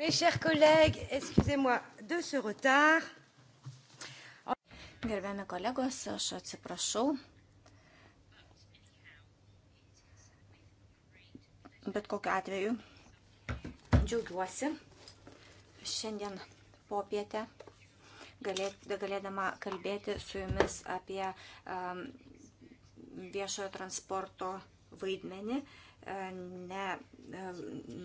Mes chers collègues, excusez-moi de ce retard. Gerbiami kolegos, aš atsiprašau. Bet kokiu atveju džiaugiuosi šiandien popietę galėdama kalbėti su jumis apie um, viešojo transporto vaidmenį. Uh, ne, e,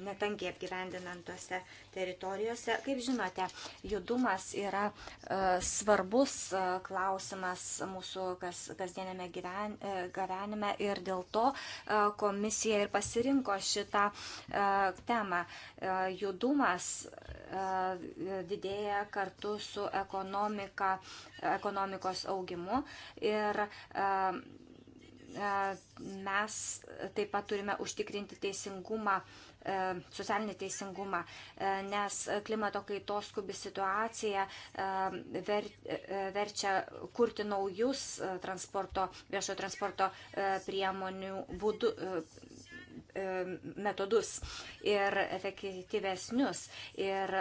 netankiai apgyvendinantose teritorijose. Kaip žinote, judumas yra e, svarbus e, klausimas mūsų kas, kasdienėme gyven, gyvenime ir dėl to komisija ir pasirinko šitą temą. Judumas didėja kartu su ekonomika, ekonomikos augimu ir E, mes taip pat turime užtikrinti teisingumą, e, socialinį teisingumą, e, nes klimato kaitos skubi situacija ver, verčia kurti naujus transporto, viešo transporto priemonių būdų metodus ir efektyvesnius. Ir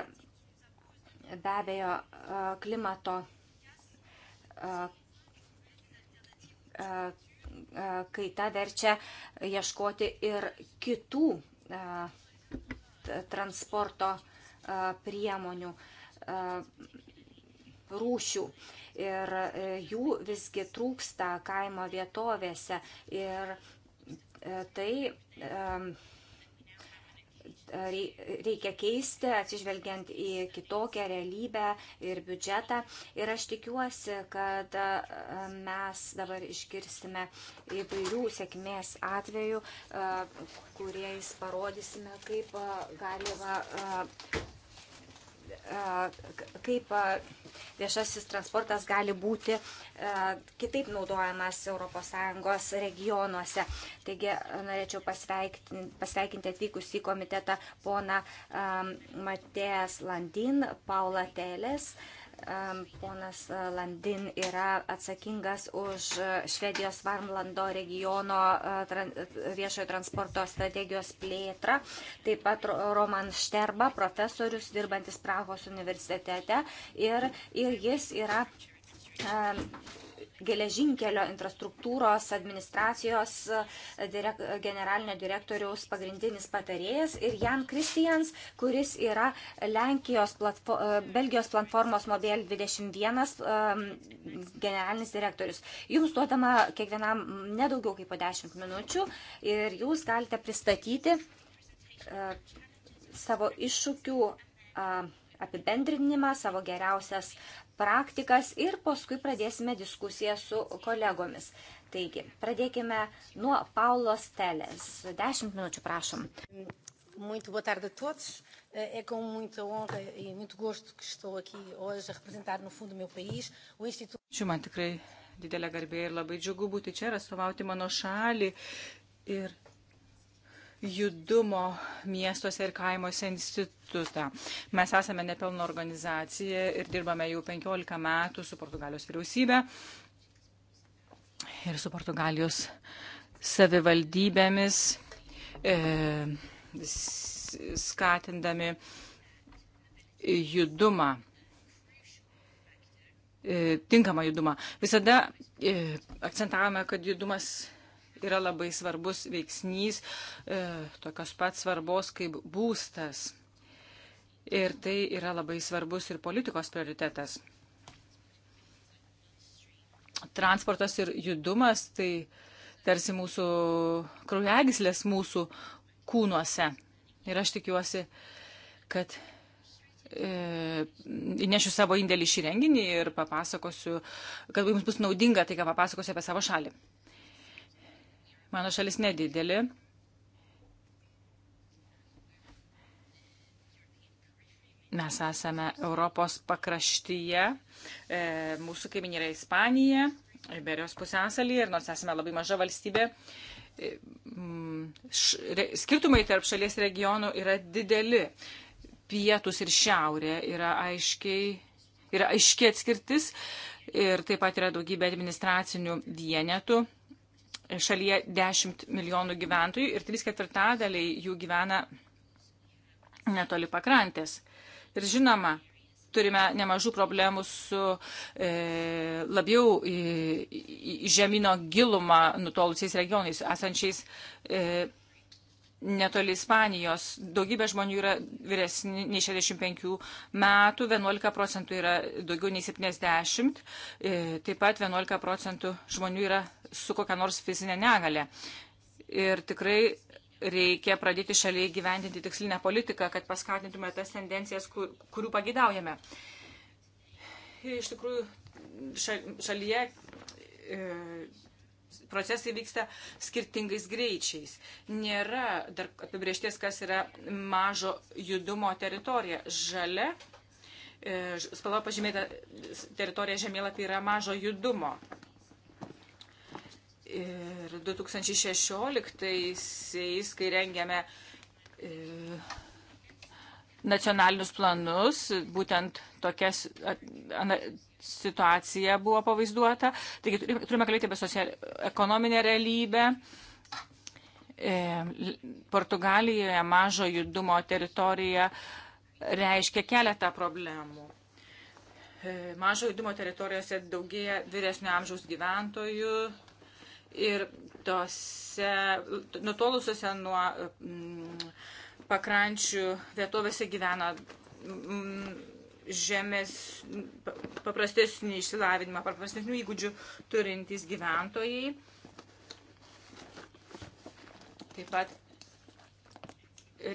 be abejo, klimato E, kaita verčia ieškoti ir kitų e, transporto e, priemonių rūšių. Ir jų visgi trūksta kaimo vietovėse. Ir tai reikia keisti, atsižvelgiant į kitokią realybę ir biudžetą. Ir aš tikiuosi, kad e, mes dabar išgirsime įvairių sėkmės atvejų, e, kuriais parodysime, kaip e, galima kaip viešasis transportas gali būti kitaip naudojamas ES regionuose. Taigi norėčiau pasveikinti, pasveikinti atvykus į komitetą pona Matėjas Landin, Paula Telės. Uh, Ponas e, Landin yra atsakingas už e, Švedijos Varmlando regiono e, viešojo transporto strategijos plėtrą. Taip pat Roman Šterba, profesorius dirbantis Prahos universitete. Ir, ir jis yra geležinkelio infrastruktūros administracijos e, direk, generalinio direktoriaus pagrindinis patarėjas ir Jan Kristijans, kuris yra Lenkijos platfo, e, Belgijos platformos Mobil 21 e, generalinis direktorius. Jums duodama kiekvienam nedaugiau kaip po 10 minučių ir jūs galite pristatyti savo iššūkių apibendrinimą, savo geriausias praktikas ir paskui pradėsime diskusiją su kolegomis. Taigi, pradėkime nuo Paulos Telės. Dešimt minučių, prašom. Muito boa tarde a todos. É com muita honra e muito gosto que estou aqui hoje a representar, no fundo, o meu país, o Instituto. Ačiū, man tikrai didelė garbė ir labai džiugu būti čia ir atstovauti mano šalį. Ir judumo miestuose ir kaimuose institutą. Mes esame nepelno organizacija ir dirbame jau 15 metų su Portugalijos vyriausybė ir su Portugalijos savivaldybėmis, e, skatindami judumą e, tinkamą judumą. Visada e, akcentavome, kad judumas yra labai svarbus veiksnys, e, tokios pat svarbos kaip būstas. Ir tai yra labai svarbus ir politikos prioritetas. Transportas ir judumas tai tarsi mūsų kraujagislės mūsų kūnuose. Ir aš tikiuosi, kad e, įnešiu savo indėlį šį renginį ir papasakosiu, kad jums bus naudinga tai, ką papasakosiu apie savo šalį. Mano šalis nedidelė. Mes esame Europos pakraštyje, e, mūsų kaiminė yra Ispanija, Iberijos pusęsalyje ir nors esame labai maža valstybė, e, š, re, skirtumai tarp šalies regionų yra dideli. Pietus ir šiaurė yra aiškiai, yra aiškiai atskirtis ir taip pat yra daugybė administracinių vienetų šalyje 10 milijonų gyventojų ir 3 ketvirtadaliai jų gyvena netoli pakrantės. Ir žinoma, turime nemažų problemų su e, labiau į, į žemino gilumą nutolusiais regionais, esančiais e, netoli Ispanijos. Daugybė žmonių yra vyresni nei 65 metų, 11 procentų yra daugiau nei 70, e, taip pat 11 procentų žmonių yra su kokia nors fizinė negalė. Ir tikrai reikia pradėti šaliai gyvendinti tikslinę politiką, kad paskatintume tas tendencijas, kur, kurių pagidaujame. Iš tikrųjų, šalyje e, procesai vyksta skirtingais greičiais. Nėra dar apibriešties, kas yra mažo judumo teritorija. Žalia e, spalva pažymėta teritorija žemėlapį yra mažo judumo. Ir 2016-aisiais, kai rengėme e, nacionalinius planus, būtent tokias situacija buvo pavaizduota. Taigi turime kalbėti apie socioekonominę realybę. E, Portugalijoje mažo judumo teritorija reiškia keletą problemų. E, mažo judumo teritorijose daugėja vyresnio amžiaus gyventojų ir tose nutolusiuose nuo mm, pakrančių vietovėse gyvena mm, žemės, paprastesnį išsilavinimą, paprastesnių įgūdžių turintys gyventojai. Taip pat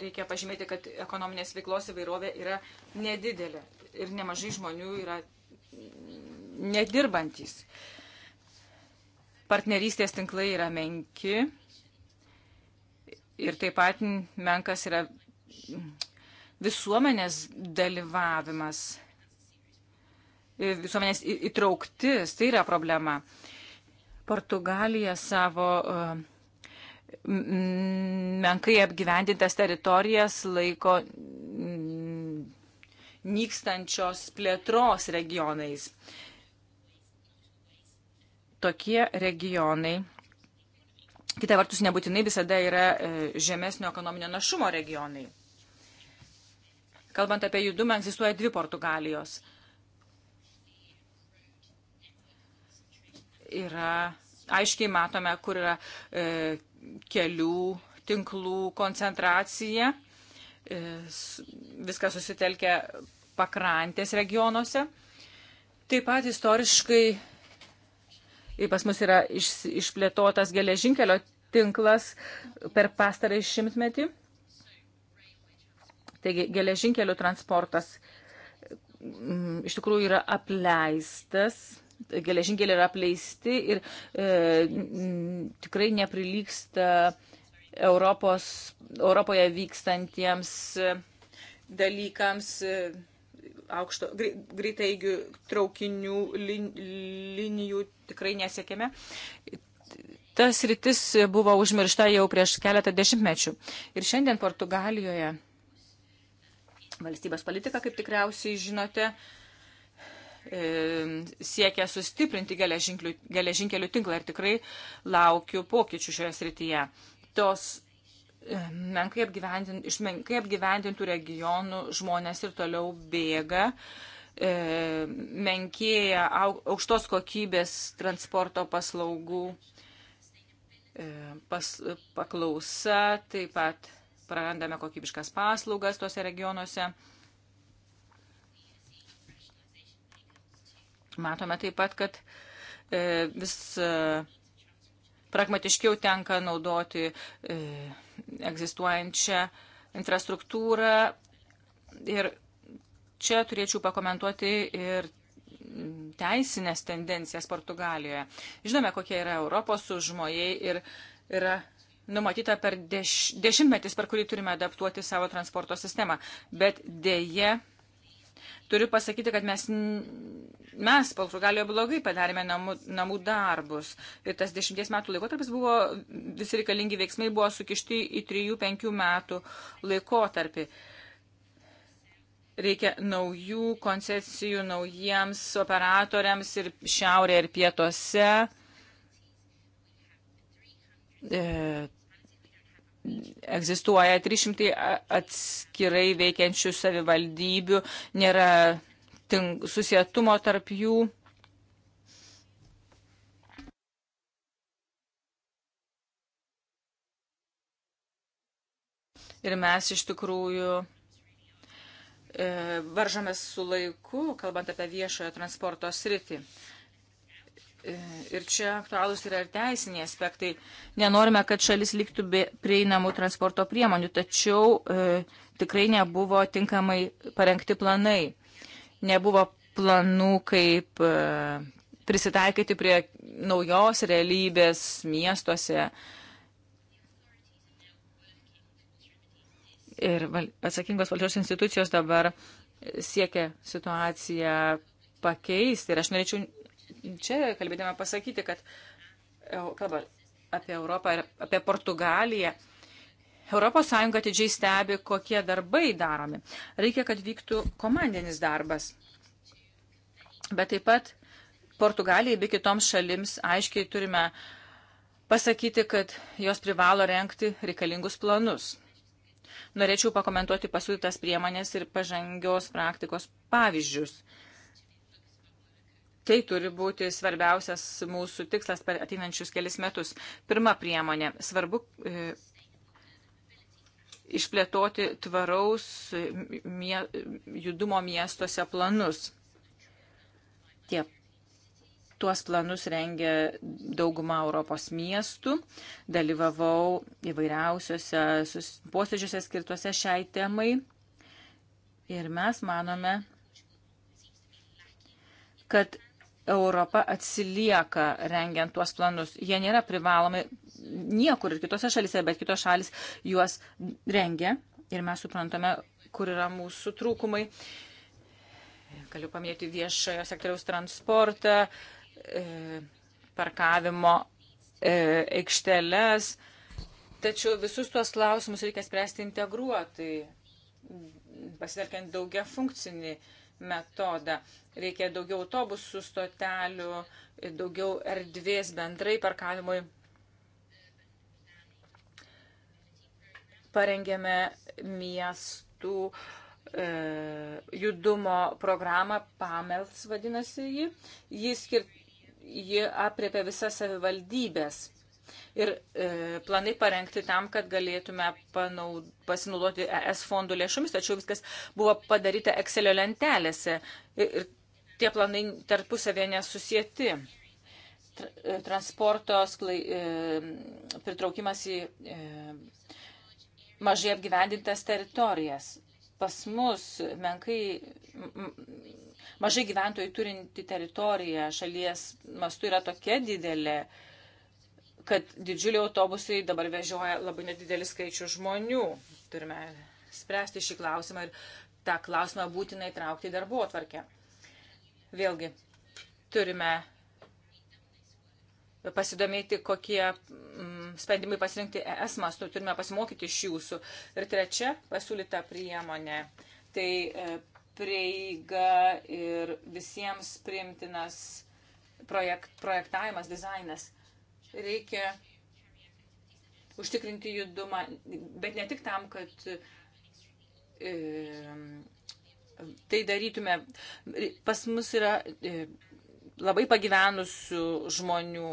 reikia pažymėti, kad ekonominės veiklos įvairovė yra nedidelė ir nemažai žmonių yra nedirbantis. Partnerystės tinklai yra menki ir taip pat menkas yra visuomenės dalyvavimas, e, visuomenės įtrauktis, tai yra problema. Portugalija savo e, menkai apgyvendintas teritorijas laiko nykstančios plėtros regionais. Tokie regionai, kita vertus, nebūtinai visada yra e, žemesnio ekonominio našumo regionai. Kalbant apie judumą, egzistuoja dvi Portugalijos. Yra, aiškiai matome, kur yra e, kelių tinklų koncentracija. E, viskas susitelkia pakrantės regionuose. Taip pat istoriškai pas mus yra iš, išplėtotas geležinkelio tinklas per pastarąjį šimtmetį. Taigi geležinkelių transportas m, mm, iš tikrųjų yra apleistas, geležinkeliai yra apleisti ir e, m, tikrai neprilyksta Europos, Europoje vykstantiems e, dalykams e, aukšto greitaigių traukinių lin, linijų tikrai nesiekėme. Tas rytis buvo užmiršta jau prieš keletą dešimtmečių. Ir šiandien Portugalijoje Valstybės politika, kaip tikriausiai žinote, e, siekia sustiprinti geležinkelių tinklą ir tikrai laukiu pokyčių šioje srityje. Tos e, menkai apgyvendin, iš menkai apgyvendintų regionų žmonės ir toliau bėga, e, menkėja aukštos kokybės transporto paslaugų e, pas, paklausa, taip pat prarandame kokybiškas paslaugas tuose regionuose. Matome taip pat, kad e, vis e, pragmatiškiau tenka naudoti e, egzistuojančią infrastruktūrą. Ir čia turėčiau pakomentuoti ir teisinės tendencijas Portugalijoje. Žinome, kokie yra Europos užmojai ir yra numatyta per deš, dešimtmetis, per kurį turime adaptuoti savo transporto sistemą. Bet dėje turiu pasakyti, kad mes, mes Portugalijoje blogai padarėme namų, namų darbus. Ir tas dešimties metų laikotarpis buvo, visi reikalingi veiksmai buvo sukišti į trijų, penkių metų laikotarpį. Reikia naujų koncesijų naujiems operatoriams ir šiaurėje ir pietuose e, egzistuoja 300 atskirai veikiančių savivaldybių, nėra susietumo tarp jų. Ir mes iš tikrųjų e, varžomės su laiku, kalbant apie viešojo transporto sritį. Ir čia aktualūs yra ir teisiniai aspektai. Nenorime, kad šalis liktų be prieinamų transporto priemonių, tačiau e, tikrai nebuvo tinkamai parengti planai. Nebuvo planų, kaip e, prisitaikyti prie naujos realybės miestuose. Ir val atsakingos valdžios institucijos dabar siekia situaciją pakeisti. Ir aš norėčiau čia kalbėdama pasakyti, kad e, kalba apie Europą ir apie Portugaliją. ES atidžiai stebi, kokie darbai daromi. Reikia, kad vyktų komandinis darbas. Bet taip pat Portugalijai bei kitoms šalims aiškiai turime pasakyti, kad jos privalo renkti reikalingus planus. Norėčiau pakomentuoti pasiūlytas priemonės ir pažangios praktikos pavyzdžius. Tai turi būti svarbiausias mūsų tikslas per ateinančius kelis metus. Pirma priemonė. Svarbu e, išplėtoti tvaraus mie, judumo miestuose planus. Tie, tuos planus rengia dauguma Europos miestų. Dalyvavau įvairiausiose posėdžiuose skirtuose šiai temai. Ir mes manome, kad Europa atsilieka rengiant tuos planus. Jie nėra privalomi niekur ir kitose šalise, bet kitos šalis juos rengia ir mes suprantame, kur yra mūsų trūkumai. Galiu paminėti viešojo sektoriaus transportą, e, parkavimo e, aikšteles. Tačiau visus tuos klausimus reikia spręsti integruotai, pasitelkiant daugia funkcinį uh, metodą. Reikia daugiau autobusų stotelių, daugiau erdvės bendrai parkavimui. Parengėme miestų e, judumo programą, PAMELS vadinasi jį. Ji, skir... ji apriepia visas savivaldybės ir e, planai parengti tam, kad galėtume panaud, pasinaudoti ES fondų lėšomis, tačiau viskas buvo padaryta Excelio lentelėse ir, ir tie planai tarpusavė nesusieti. Tra, e, transporto sklai, e, pritraukimas į e, mažai apgyvendintas teritorijas. Pas mus menkai, m, mažai gyventojų turinti teritorija šalies mastu yra tokia didelė, e, kad didžiuliai autobusai dabar vežioja labai nedidelį skaičių žmonių. Turime spręsti šį klausimą ir tą klausimą būtinai traukti į darbo atvarkę. Vėlgi, turime pasidomėti, kokie mm, sprendimai pasirinkti ES mastu, turime pasimokyti iš jūsų. Ir trečia pasiūlyta priemonė. Tai e, prieiga ir visiems primtinas projekt, projektavimas, dizainas. Reikia užtikrinti judumą, bet ne tik tam, kad e, tai darytume. Pas mus yra e, labai pagyvenusių žmonių.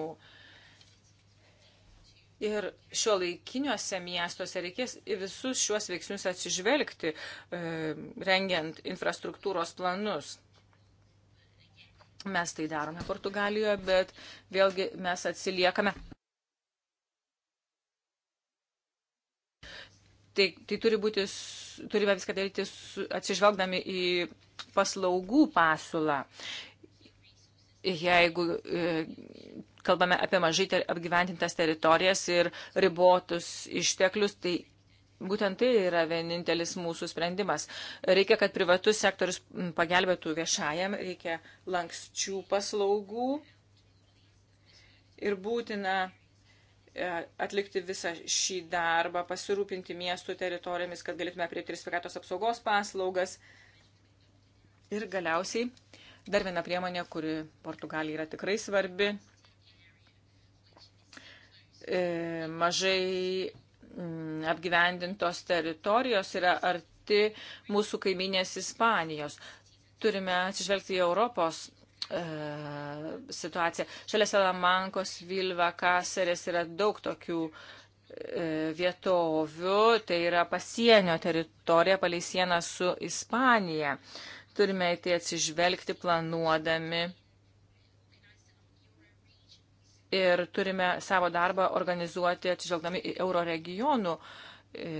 Ir šio laikiniuose miestuose reikės į visus šiuos veiksnius atsižvelgti, e, rengiant infrastruktūros planus. Mes tai darome Portugalijoje, bet vėlgi mes atsiliekame. Tai, tai turi būti, turime viską daryti su, atsižvelgdami į paslaugų pasiūlą. Jeigu e, kalbame apie mažai ter, apgyventintas teritorijas ir ribotus išteklius, tai Būtent tai yra vienintelis mūsų sprendimas. Reikia, kad privatus sektorius pagelbėtų viešajam, reikia lankščių paslaugų ir būtina e, atlikti visą šį darbą, pasirūpinti miestų teritorijomis, kad galėtume prieiti ir sveikatos apsaugos paslaugas. Ir galiausiai dar viena priemonė, kuri Portugalijai yra tikrai svarbi. E, mažai Mm, apgyvendintos teritorijos yra arti mūsų kaiminės Ispanijos. Turime atsižvelgti į Europos e, situacija. Šalia Salamankos, Vilva, Kaserės yra daug tokių e, vietovių, tai yra pasienio teritorija palei sieną su Ispanija. Turime į tai atsižvelgti planuodami ir turime savo darbą organizuoti atsižvelgdami į euro regionų e,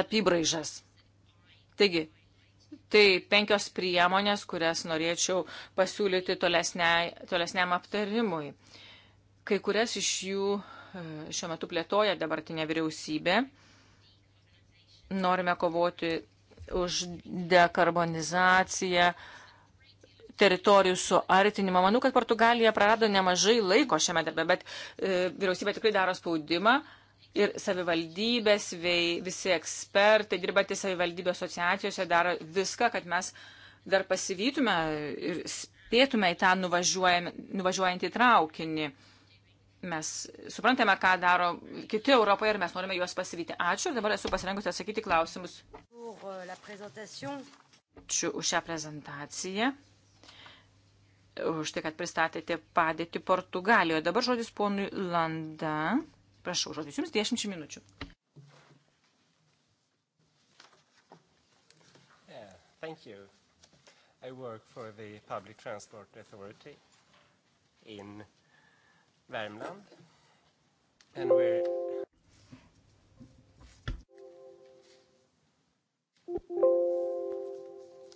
apibraižas. Taigi, tai penkios priemonės, kurias norėčiau pasiūlyti tolesniai, tolesniam aptarimui. Kai kurias iš jų e, šiuo metu plėtoja dabartinė vyriausybė. Norime kovoti už dekarbonizaciją, teritorijų suartinimą. Manau, kad Portugalija prarado nemažai laiko šiame darbe, bet e, vyriausybė tikrai daro spaudimą. Ir savivaldybės, vei, visi ekspertai, dirbantys savivaldybių asociacijose daro viską, kad mes dar pasivytume ir spėtume į tą nuvažiuojantį traukinį mes suprantame, ką daro kiti Europoje ir mes norime juos pasivyti. Ačiū ir dabar esu pasirengusi atsakyti klausimus. Euh, Ačiū už šią prezentaciją už tai, kad pristatėte padėtį Portugalijoje. Dabar žodis ponui Landa. Prašau, žodis jums 10 minučių. Yeah, thank you. I work for the Public Transport Authority in Värmland. And we're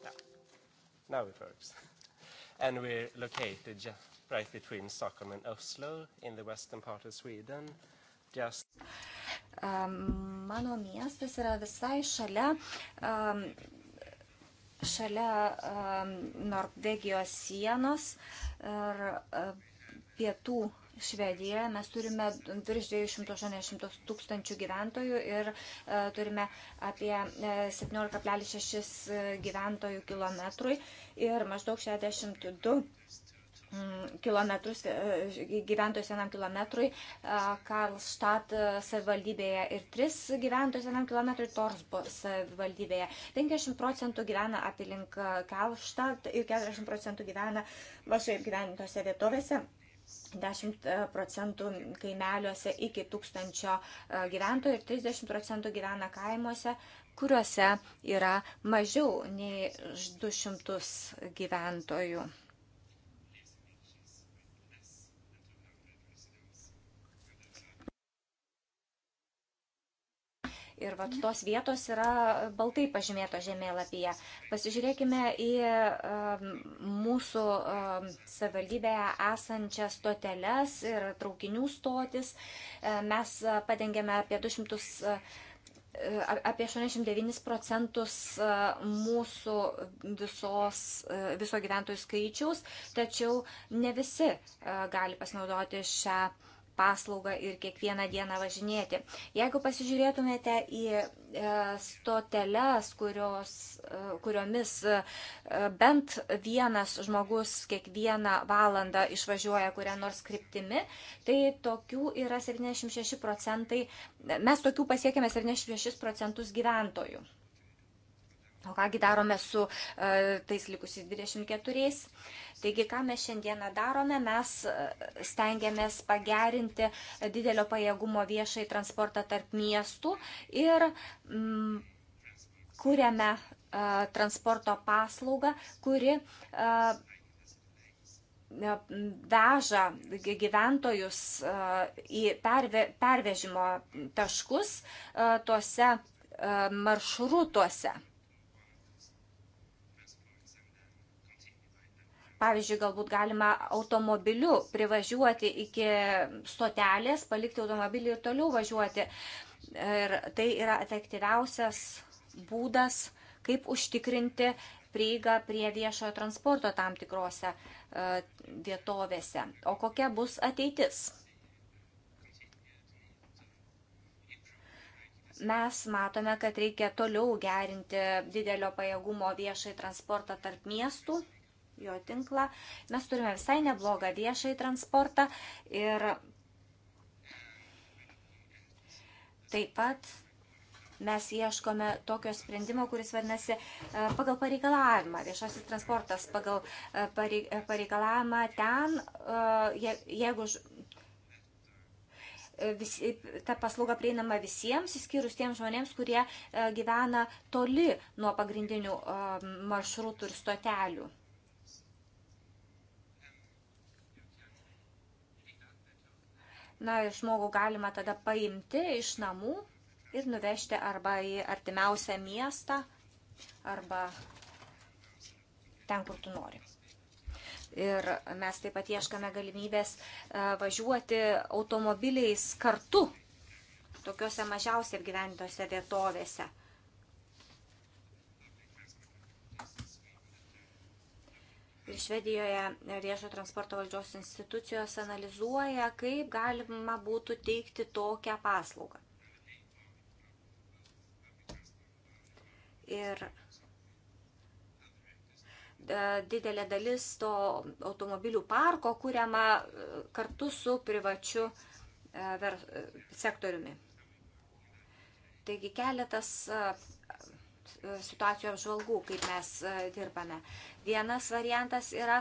yeah. Now it works and we're located just right between Stockholm and Oslo in the western part of Sweden. Just um, mano miestas yra visai šalia um, šalia um, Norvegijos sienos ir uh, pietų Švedija. Mes turime virš 280 tūkstančių gyventojų ir e, turime apie 17,6 e, gyventojų kilometrui ir maždaug 62 mm, kilometrus, e, gyventojus vienam kilometrui, Karlštad savivaldybėje ir 3 gyventojus vienam kilometrui Torsbo savivaldybėje. 50 procentų gyvena apilink Karlštad ir 40 procentų gyvena mažai apgyventose vietovėse. 10 e, procentų kaimeliuose iki 1000 e, gyventojų ir 30 procentų gyvena kaimuose, kuriuose yra mažiau nei 200 gyventojų. Ir vat tos vietos yra baltai pažymėto žemėlapyje. Pasižiūrėkime į mūsų savivaldybėje esančias stoteles ir traukinių stotis. E, mes padengėme apie 200 e, apie 89 procentus e, mūsų visos, viso gyventojų skaičiaus, tačiau ne visi gali pasinaudoti šią paslaugą ir kiekvieną dieną važinėti. Jeigu pasižiūrėtumėte į e, stoteles, kurios, e, kuriomis e, bent vienas žmogus kiekvieną valandą išvažiuoja kurią nors kryptimi, tai tokių yra 76 procentai, mes tokių pasiekėme 76 procentus gyventojų. O kągi darome su e, tais likusiais 24. Taigi, ką mes šiandieną darome, mes e, stengiamės pagerinti didelio pajėgumo viešai transportą tarp miestų ir mm, kuriame e, transporto paslaugą, kuri e, veža gyventojus e, į perve, pervežimo taškus e, tuose e, maršrutuose Pavyzdžiui, galbūt galima automobiliu privažiuoti iki stotelės, palikti automobilį ir toliau važiuoti. Ir tai yra efektyviausias būdas, kaip užtikrinti prieigą prie viešojo transporto tam tikrose e, vietovėse. O kokia bus ateitis? mes matome, kad reikia toliau gerinti didelio pajėgumo viešai transportą tarp miestų jo tinklą. Mes turime visai neblogą viešai transportą ir taip pat mes ieškome tokio sprendimo, kuris vadinasi e, pagal pareikalavimą. Viešasis transportas pagal e, e, pareikalavimą ten, jeigu vis, ta paslauga prieinama visiems, išskyrus tiems žmonėms, kurie gyvena toli nuo pagrindinių maršrutų ir stotelių. Na ir žmogų galima tada paimti iš namų ir nuvežti arba į artimiausią miestą, arba ten, kur tu nori. Ir mes taip pat ieškame galimybės e, važiuoti automobiliais kartu tokiuose mažiausiai apgyvendintose vietovėse. Švedijoje viešo transporto valdžios institucijos analizuoja, kaip galima būtų teikti tokią paslaugą. Ir e, didelė dalis to automobilių parko kuriama e, kartu su privačiu e, sektoriumi. Taigi keletas E, situacijų apžvalgų, kaip mes e, dirbame. Vienas variantas yra,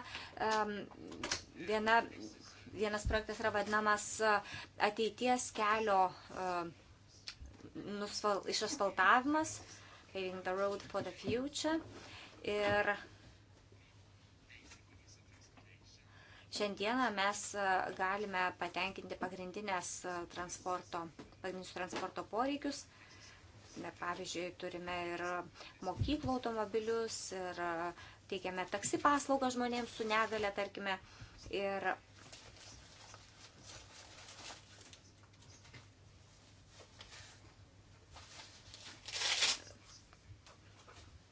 viena, vienas projektas yra vadinamas e, ateities kelio nusval, išasfaltavimas, paving the road for the future. Ir šiandieną mes galime patenkinti pagrindinės transporto, pagrindinius transporto poreikius. Pavyzdžiui, turime ir mokyklų automobilius, ir e, teikiame taksi paslaugą žmonėms su negale, tarkime. Ir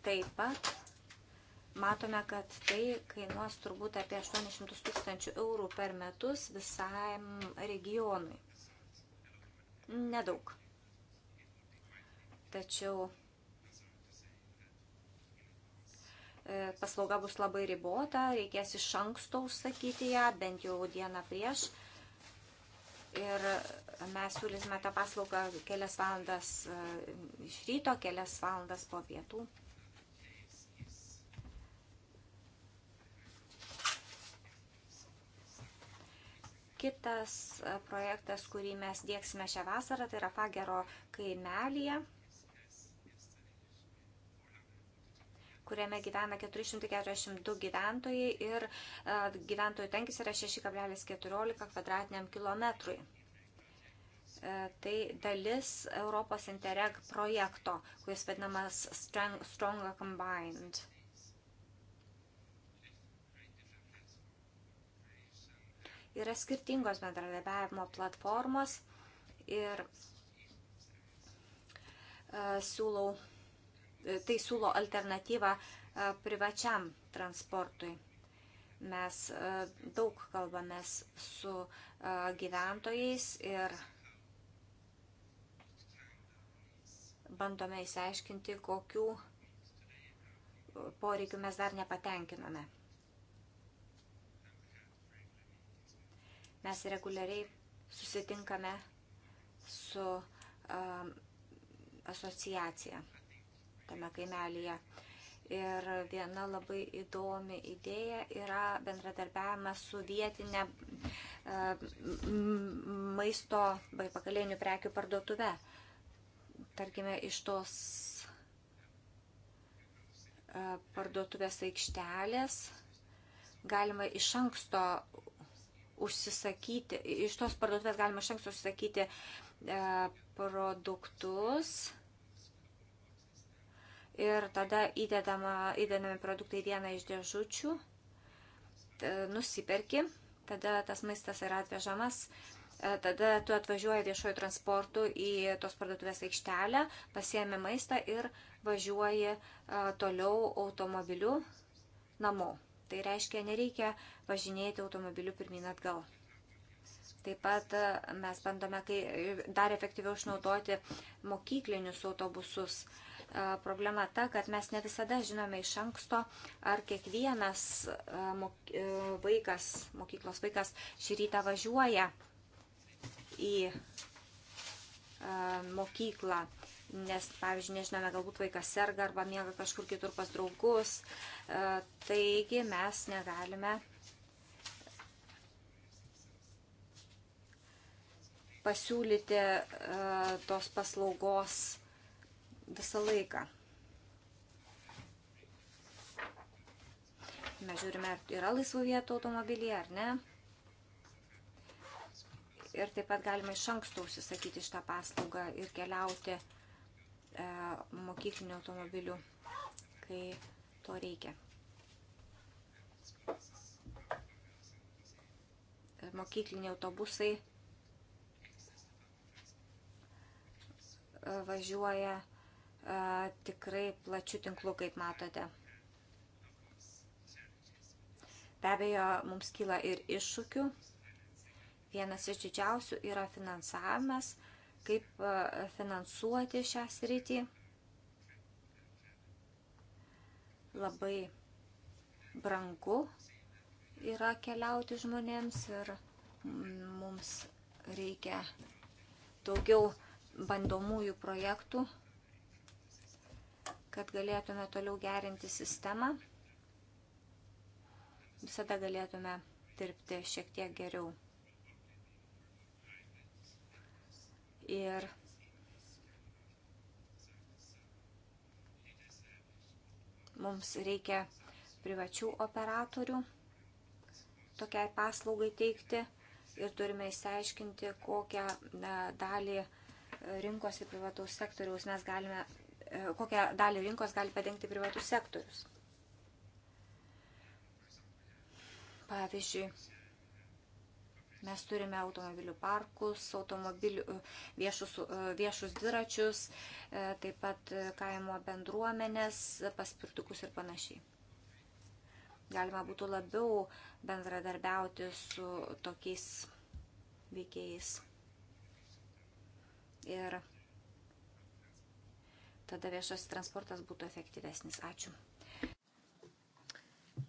taip pat matome, kad tai kainuos turbūt apie 800 tūkstančių eurų per metus visam regionui. Nedaug tačiau e, paslauga bus labai ribota, reikės iš anksto užsakyti ją, bent jau dieną prieš. Ir mes siūlysime tą paslaugą kelias valandas e, iš ryto, kelias valandas po pietų. Kitas e, projektas, kurį mes dėksime šią vasarą, tai yra Fagero kaimelyje. kuriame gyvena 442 gyventojai ir e, gyventojų tenkis yra 6,14 kvadratiniam kilometrui. E, tai dalis Europos Interreg projekto, kuris vadinamas Stronger Combined. Yra skirtingos bendradarbiavimo platformos ir e, siūlau tai siūlo alternatyvą e, privačiam transportui. Mes e, daug kalbamės su e, gyventojais ir bandome įsiaiškinti, kokių poreikių mes dar nepatenkiname. Mes reguliariai susitinkame su um, asociacija tame kaimelyje. Ir viena labai įdomi idėja yra bendradarbiavimas su vietinė e, maisto bei pakalėnių prekių parduotuve. Tarkime, iš tos e, parduotuvės aikštelės galima iš anksto užsisakyti, iš tos parduotuvės galima iš anksto užsisakyti e, produktus ir tada įdedama, įdedami produktai vieną iš dėžučių, nusiperki, tada tas maistas yra atvežamas, e, tada tu atvažiuoji viešoju transportu į tos parduotuvės aikštelę, pasiemi maistą ir važiuoji e, toliau automobiliu namo. Tai reiškia, nereikia važinėti automobiliu pirmin atgal. Taip pat e, mes bandome kai, dar efektyviau išnaudoti mokyklinius autobusus. Uh, Problema ta, kad mes ne visada žinome iš anksto, ar kiekvienas e, vaikas, mokyklos vaikas šį rytą važiuoja į mokyklą, nes, pavyzdžiui, nežinome, galbūt vaikas serga arba miega kažkur kitur pas draugus. Taigi mes negalime pasiūlyti tos paslaugos visą laiką. Mes žiūrime, ar yra laisvų vietų automobilyje ar ne. Ir taip pat galima iš anksto užsisakyti šitą paslaugą ir keliauti e, mokykliniu automobiliu, kai to reikia. Mokykliniai autobusai e, važiuoja e, tikrai plačių tinklų, kaip matote. Be abejo, mums kyla ir iššūkių. Vienas iš didžiausių yra finansavimas, kaip finansuoti šią sritį. Labai brangu yra keliauti žmonėms ir mums reikia daugiau bandomųjų projektų kad galėtume toliau gerinti sistemą. Visada galėtume dirbti šiek tiek geriau. Ir mums reikia privačių operatorių tokiai paslaugai teikti ir turime įsiaiškinti, kokią dalį rinkos ir privataus sektoriaus mes galime E, kokią dalį rinkos gali padengti privatus sektorius. Pavyzdžiui, mes turime automobilių parkus, automobilių, e, viešus, e, viešus dviračius, taip pat kaimo bendruomenės, paspirtukus ir panašiai. Galima būtų labiau bendradarbiauti su tokiais veikėjais. Ir tada viešasis transportas būtų efektyvesnis. Ačiū.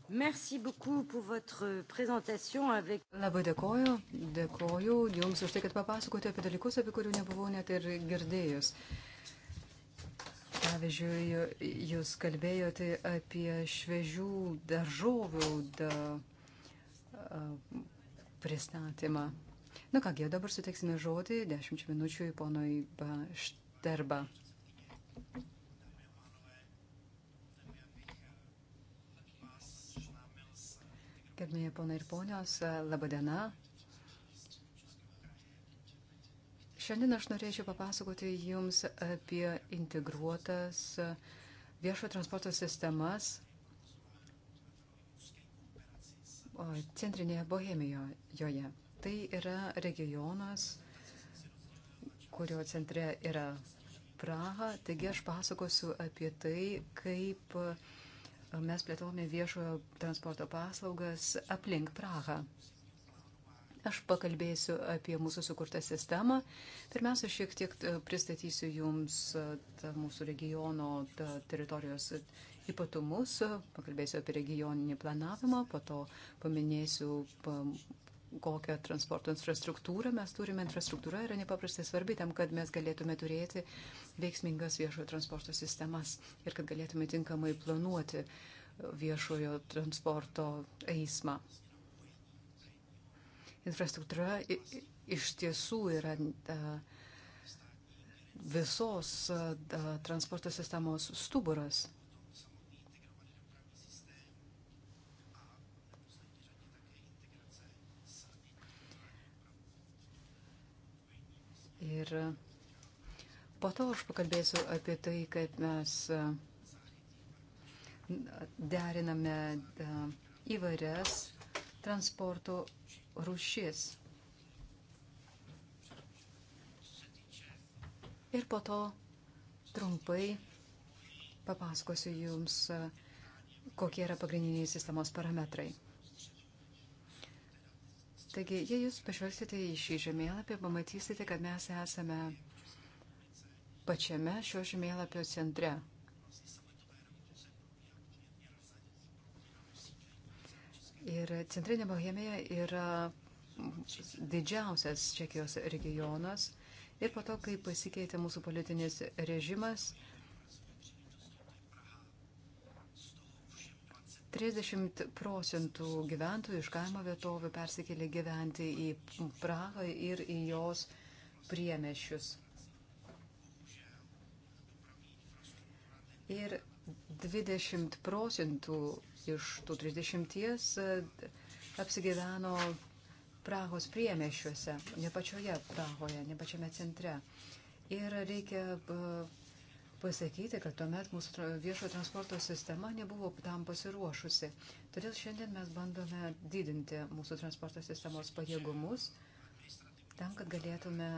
Merci beaucoup pour votre présentation avec. Labai dėkoju, dėkoju Jums už tai, kad papasakote apie dalykus, apie kurių nebuvau net ir girdėjus. Pavyzdžiui, Jūs kalbėjote apie šviežių daržovių da, pristatymą. Na kągi, dabar suteiksime žodį 10 minučių į ponui Šterbą. Gerbėjai ponai ir ponios, labadiena. Šiandien aš norėčiau papasakoti Jums apie integruotas viešo transporto sistemas centrinėje Bohemijoje. Tai yra regionas, kurio centre yra Prahą, taigi aš pasakosiu apie tai, kaip e, mes plėtojame viešojo transporto paslaugas aplink Prahą. Aš pakalbėsiu apie mūsų sukurtą sistemą. Pirmiausia, šiek tiek e, pristatysiu Jums e, ta, mūsų regiono ta, teritorijos ypatumus, pakalbėsiu apie regioninį planavimą, po to paminėsiu kokią transporto infrastruktūrą mes turime. Infrastruktūra yra nepaprastai svarbi tam, kad mes galėtume turėti veiksmingas viešojo transporto sistemas ir kad galėtume tinkamai planuoti viešojo transporto eismą. Infrastruktūra iš tiesų yra visos transporto sistemos stuburas. Ir po to aš pakalbėsiu apie tai, kaip mes deriname įvairias transporto rūšis. Ir po to trumpai papasakosiu Jums, kokie yra pagrindiniai sistemos parametrai. Taigi, jei jūs pažvelgsite į šį žemėlapį, pamatysite, kad mes esame pačiame šio žemėlapio centre. Ir centrinė Bohemija yra didžiausias Čekijos regionas. Ir po to, kai pasikeitė mūsų politinis režimas, 30 procentų gyventojų iš kaimo vietovių persikėlė gyventi į Prahą ir į jos priemešius. Ir 20 procentų iš tų 30 e, apsigyveno Prahos priemešiuose, ne pačioje Prahoje, ne pačiame centre. Ir reikia e, pasakyti, kad tuomet mūsų viešo transporto sistema nebuvo tam pasiruošusi. Todėl šiandien mes bandome didinti mūsų transporto sistemos pajėgumus tam, kad galėtume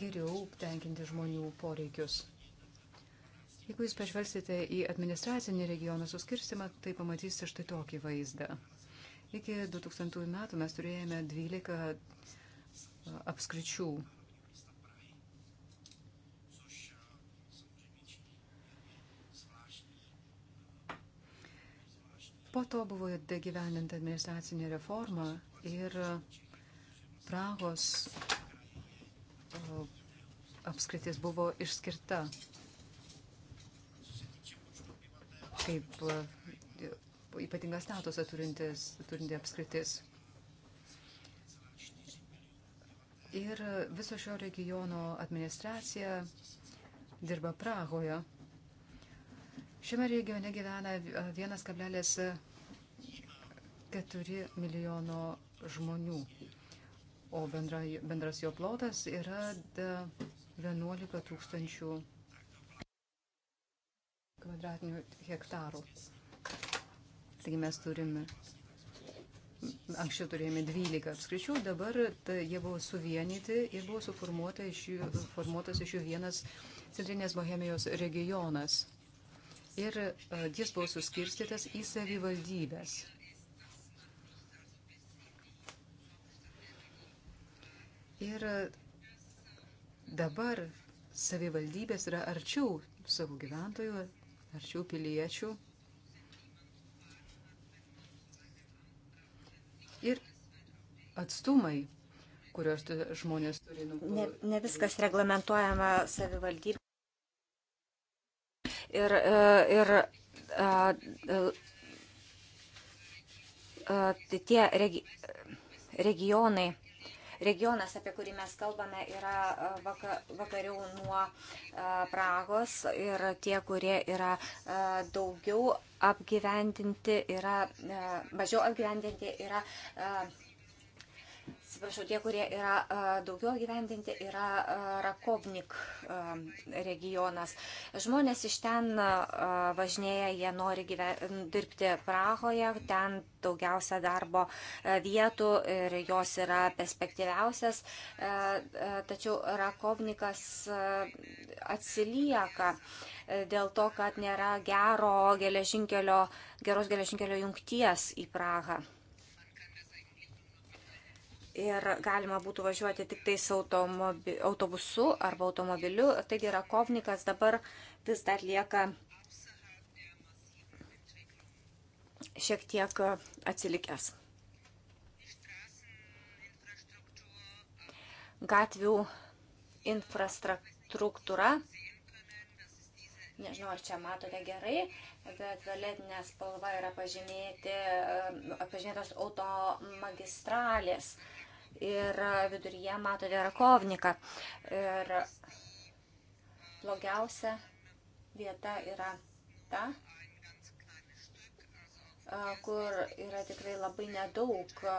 geriau tenkinti žmonių poreikius. Jeigu jūs pažvelgsite į administracinį regioną suskirstimą, tai pamatysite štai tokį vaizdą. Iki 2000 metų mes turėjome 12 apskričių Po to buvo gyveninta administracinė reforma ir Prahos apskritis buvo išskirta kaip ypatingą statusą turintis, turinti apskritis. Ir viso šio regiono administracija dirba Prahoje. Šiame regione gyvena 1,5 4 milijono žmonių, o bendra, bendras jo plotas yra 11 tūkstančių kvadratinių hektarų. Taigi mes turime, anksčiau turėjome 12 apskričių, dabar ta, jie buvo suvienyti ir buvo suformuota iš jų, formuotas iš jų vienas centrinės Bohemijos regionas. Ir jis buvo suskirstytas į savivaldybės. Ir dabar savivaldybės yra arčiau savo gyventojų, arčiau piliečių. Ir atstumai, kuriuos žmonės turi nukulti. Ne, ne viskas reglamentuojama savivaldybė. Ir, e, ir a, a, a, tie regi, regionai Regionas, apie kurį mes kalbame, yra e, vaka, vakariau nuo e, Pragos ir tie, kurie yra e, daugiau apgyvendinti, yra mažiau apgyvendinti, yra. A, atsiprašau, tie, kurie yra daugiau gyvendinti, yra Rakovnik regionas. Žmonės iš ten važinėja, jie nori gyven, dirbti Prahoje, ten daugiausia darbo vietų ir jos yra perspektyviausias, tačiau Rakovnikas atsilieka dėl to, kad nėra gero geležinkelio, geros geležinkelio jungties į Prahą ir galima būtų važiuoti tik tais automobi, autobusu arba automobiliu. Taigi Rakovnikas dabar vis dar lieka šiek tiek atsilikęs. Gatvių infrastruktūra. Nežinau, ar čia matote gerai, bet violetinė spalva yra pažymėti, pažymėtos automagistralės. magistralės ir e, viduryje matote rakovniką. Ir blogiausia vieta yra ta, e, kur yra tikrai labai nedaug e,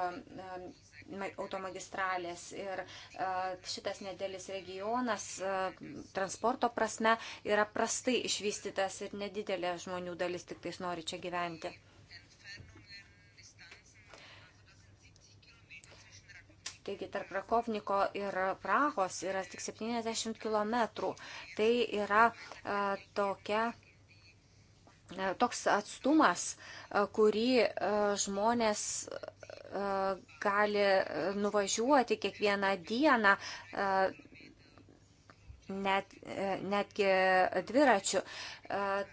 automagistralės ir šitas nedėlis regionas transporto prasme yra prastai išvystytas ir nedidelė žmonių dalis tik tais nori čia gyventi. Taigi tarp Rakovniko ir Prahos yra tik 70 km. Tai yra e, tokia e, toks atstumas, e, kurį žmonės gali nuvažiuoti kiekvieną dieną net, netgi dviračių.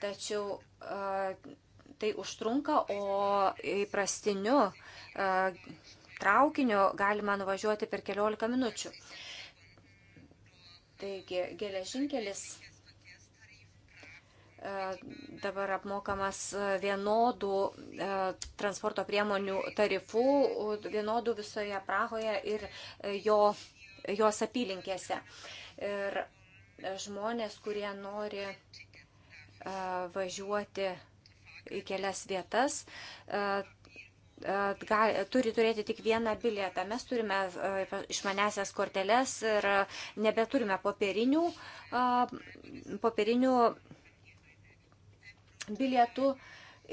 Tačiau tai užtrunka, o įprastiniu traukiniu galima nuvažiuoti per keliolika minučių. Taigi geležinkelis e, dabar apmokamas e, vienodų e, transporto priemonių tarifų, vienodų visoje Prahoje ir jo, jos apylinkėse. Ir žmonės, kurie nori važiuoti į kelias vietas, gali, turi turėti tik vieną bilietą. Mes turime išmanesias korteles ir nebeturime popierinių, popierinių bilietų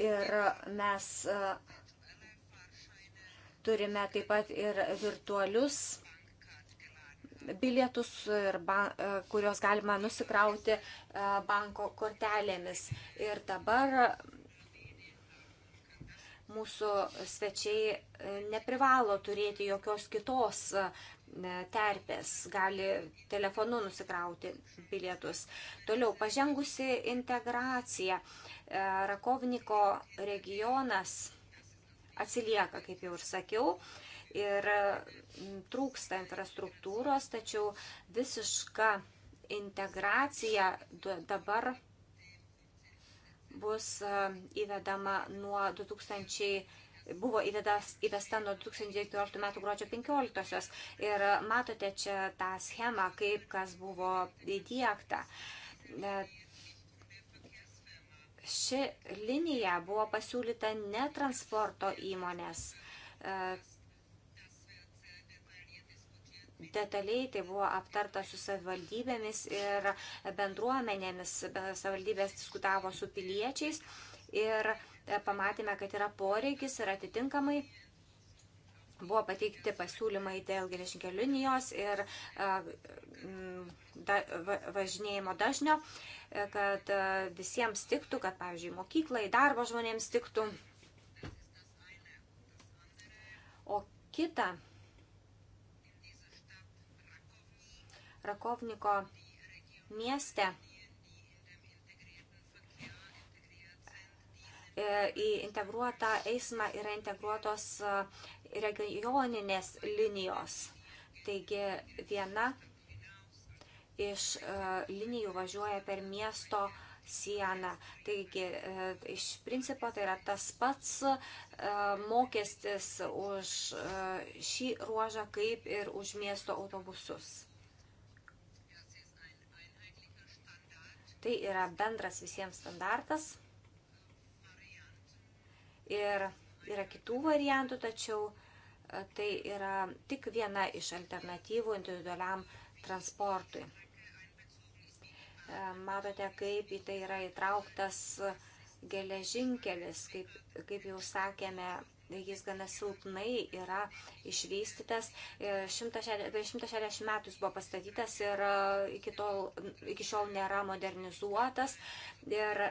ir mes turime taip pat ir virtualius bilietus, ban, kuriuos galima nusikrauti banko kortelėmis. Ir dabar Mūsų svečiai e, neprivalo turėti jokios kitos e, terpės, gali telefonu nusikrauti bilietus. Toliau, pažengusi integracija. E, Rakovniko regionas atsilieka, kaip jau ir sakiau, ir trūksta infrastruktūros, tačiau visiška integracija dabar bus įvedama nuo 2000 buvo įvedas, įvesta nuo 2019 m. gruodžio 15-osios. Ir matote čia tą schemą, kaip kas buvo įdėkta. E, ši linija buvo pasiūlyta ne transporto įmonės e, detaliai tai buvo aptarta su savivaldybėmis ir bendruomenėmis. Savivaldybės diskutavo su piliečiais ir e, pamatėme, kad yra poreikis ir atitinkamai buvo pateikti pasiūlymai dėl geležinkelio linijos ir e, da, važinėjimo dažnio, e, kad visiems tiktų, kad, pavyzdžiui, mokyklai, darbo žmonėms tiktų. O kita Rakovniko mieste e, į integruotą eismą yra integruotos e, regioninės linijos. Taigi viena iš e, linijų važiuoja per miesto sieną. Taigi iš principo tai yra tas pats mokestis už šį ruožą kaip ir už miesto autobusus. Tai yra bendras visiems standartas. Ir yra kitų variantų, tačiau e, tai yra tik viena iš alternatyvų individualiam transportui. E, matote, kaip į tai yra įtrauktas geležinkelis, kaip, kaip jau sakėme Tai jis gana silpnai yra išvystytas. 160 e, metus buvo pastatytas ir e, iki, tol, iki šiol nėra modernizuotas. Ir e,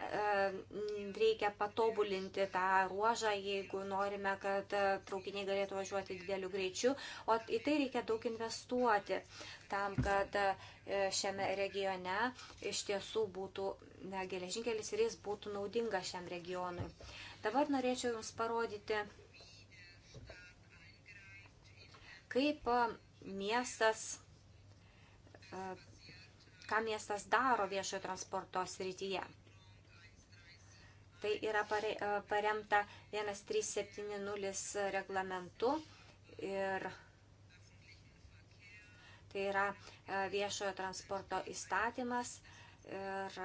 reikia patobulinti tą ruožą, jeigu norime, kad traukiniai galėtų važiuoti dideliu greičiu. O į tai reikia daug investuoti tam, kad šiame regione iš tiesų būtų geležinkelis ir jis būtų naudinga šiam regionui. Dabar norėčiau Jums parodyti kaip miestas, ką miestas daro viešojo transporto srityje. Tai yra paremta 1370 reglamentu ir tai yra viešojo transporto įstatymas ir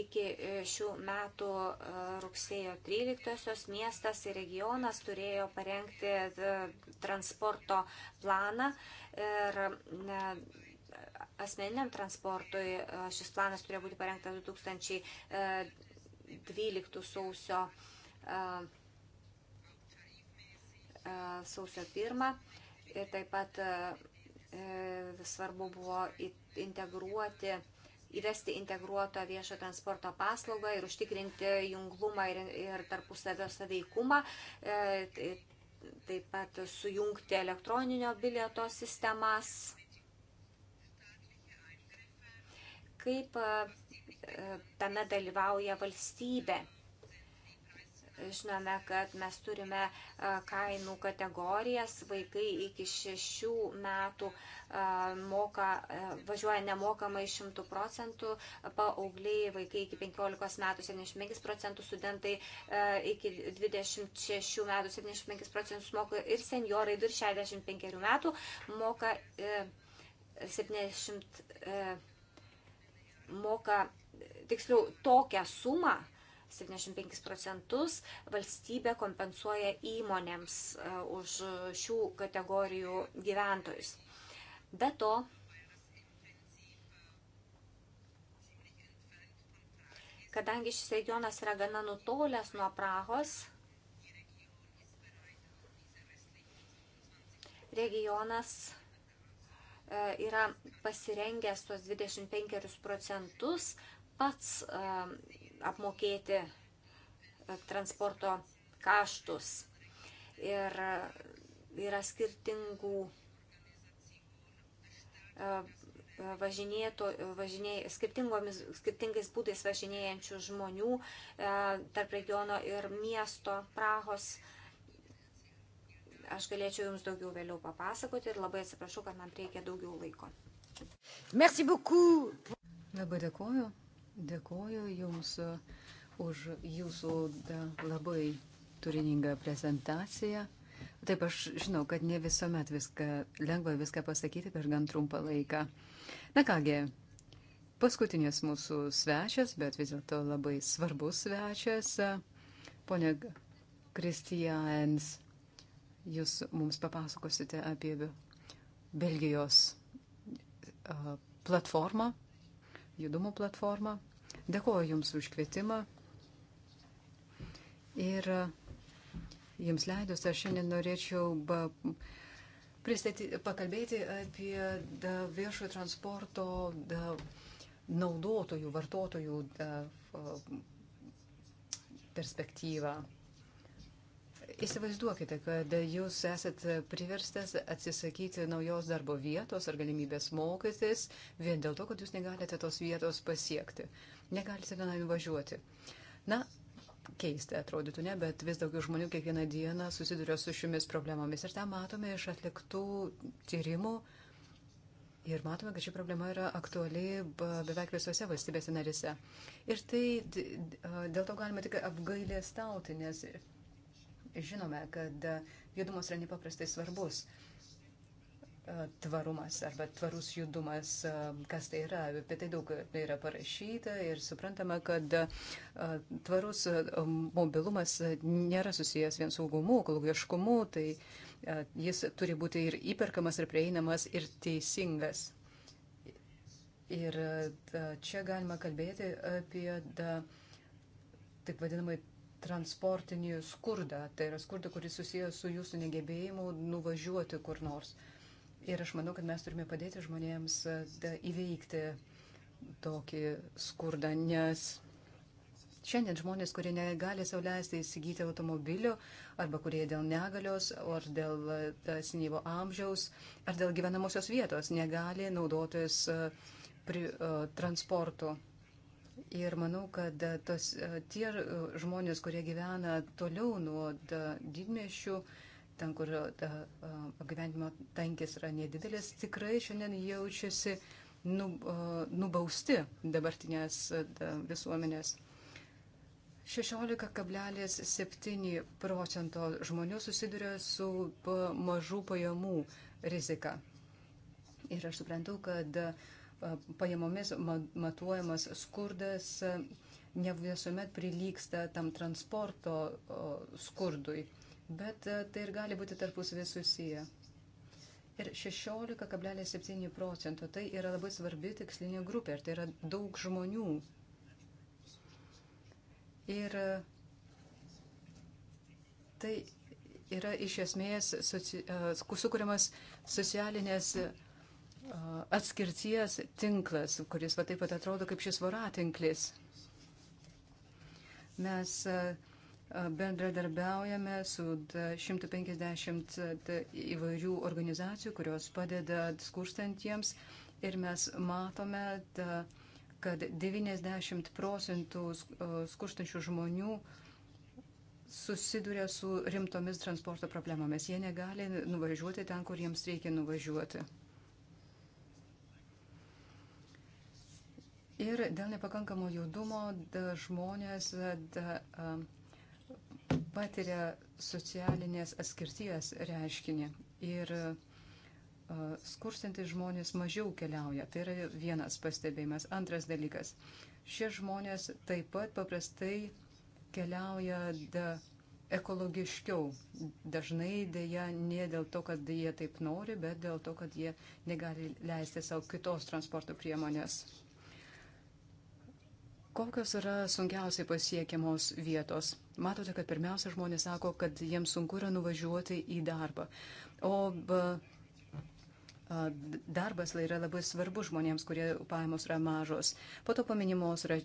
iki e, šių metų e, rugsėjo 13-osios miestas ir regionas turėjo parengti e, transporto planą ir asmeniniam transportui šis planas turėjo būti parengtas 2012 sausio, sausio 1 ir taip pat svarbu buvo integruoti įvesti integruotą viešo transporto paslaugą ir užtikrinti junglumą ir, ir tarpusavio saveikumą. E, tai, taip pat sujungti elektroninio bilieto sistemas. Kaip e, tame dalyvauja valstybė. Žinome, kad mes turime kainų kategorijas. Vaikai iki šešių metų moka, važiuoja nemokamai 100 procentų, paaugliai vaikai iki 15 metų 75 procentų, studentai iki 26 metų 75 procentus moka ir seniorai virš 65 metų moka 70 e, e, moka tiksliau tokią sumą 75 procentus valstybė kompensuoja įmonėms e, už šių kategorijų gyventojus. Be to, kadangi šis regionas yra gana nutolęs nuo Prahos, regionas e, yra pasirengęs tuos 25 procentus pats e, apmokėti e, transporto kaštus. Ir e, yra skirtingų e, važinėto, važinė, skirtingais būdais važinėjančių žmonių tarp regiono ir miesto Prahos. Aš galėčiau Jums daugiau vėliau papasakoti ir labai atsiprašau, kad man reikia daugiau laiko. Merci beaucoup. Labai dėkuoju Dėkoju Jums už Jūsų labai turiningą prezentaciją. Taip, aš žinau, kad ne visuomet viską, lengva viską pasakyti per gan trumpą laiką. Na kągi, paskutinis mūsų svečias, bet vis dėlto labai svarbus svečias, ponė Kristijans, jūs mums papasakosite apie Belgijos platformą, judumo platformą. Dėkoju Jums už kvietimą. Ir e, Jums leidus, aš šiandien norėčiau pakalbėti apie viešojo transporto da, naudotojų, vartotojų da, perspektyvą. Įsivaizduokite, kad jūs esat priverstas atsisakyti naujos darbo vietos ar galimybės mokytis vien dėl to, kad jūs negalite tos vietos pasiekti. Negalite tenai važiuoti. Na, keista atrodytų, ne, bet vis daugiau žmonių kiekvieną dieną susiduria su šiomis problemomis. Ir tą matome iš atliktų tyrimų. Ir matome, kad ši problema yra aktuali beveik visose valstybėse narise. Ir tai dėl to galima tik apgailėstauti, nes žinome, kad judumas yra nepaprastai svarbus. E, tvarumas arba tvarus judumas, e, kas tai yra, apie tai daug yra parašyta ir suprantama, kad e, tvarus mobilumas nėra susijęs vien saugumu, ekologiškumu, tai jis turi būti ir įperkamas, ir prieinamas, ir teisingas. Ir čia galima kalbėti apie da, taip vadinamai transportinį skurdą, tai yra skurdą, kuris susijęs su jūsų negebėjimu nuvažiuoti kur nors. Ir aš manau, kad mes turime padėti žmonėms e, įveikti tokį skurdą, nes šiandien žmonės, kurie negali sauliaisti įsigyti automobilio, arba kurie dėl negalios, ar dėl e, senyvo amžiaus, ar dėl gyvenamosios vietos negali naudotis e, pri, transportu. Ir manau, kad e, tos, e, tie e, žmonės, kurie gyvena toliau nuo didmešių, ten, kur gyvenimo tankis yra nedidelis, tikrai šiandien jaučiasi nu, nubausti dabartinės visuomenės. 16,7 procento žmonių susiduria su mažų pajamų rizika. Ir aš suprantu, kad uh, pajamomis matuojamas skurdas e, ne visuomet prilyksta tam transporto skurdui, bet e, tai ir gali būti tarpusavį susiję. Ir 16,7 procento tai yra labai svarbi tikslinė grupė ir tai yra daug žmonių. Ir e, tai yra iš esmės soci, sukūrimas socialinės. Uh, atskirties tinklas, kuris va taip pat atrodo kaip šis voratinklis. Mes e, e, bendradarbiaujame su 150 įvairių organizacijų, kurios padeda skurstantiems ir mes matome, kad 90 procentų e, skurstančių žmonių susiduria su rimtomis transporto problemomis. Jie negali nuvažiuoti ten, kur jiems reikia nuvažiuoti. ir dėl nepakankamo judumo da, žmonės da, patiria socialinės atskirties reiškinį. Ir skurstantys žmonės mažiau keliauja. Tai yra vienas pastebėjimas. Antras dalykas. Šie žmonės taip pat paprastai keliauja da, ekologiškiau. Dažnai dėja ne dėl to, kad jie taip nori, bet dėl to, kad jie negali leisti savo kitos transporto priemonės. Kokios yra sunkiausiai pasiekiamos vietos? Matote, kad pirmiausia žmonės sako, kad jiems sunku yra nuvažiuoti į darbą. O darbas yra labai svarbus žmonėms, kurie pajamos yra mažos. Po to paminimos yra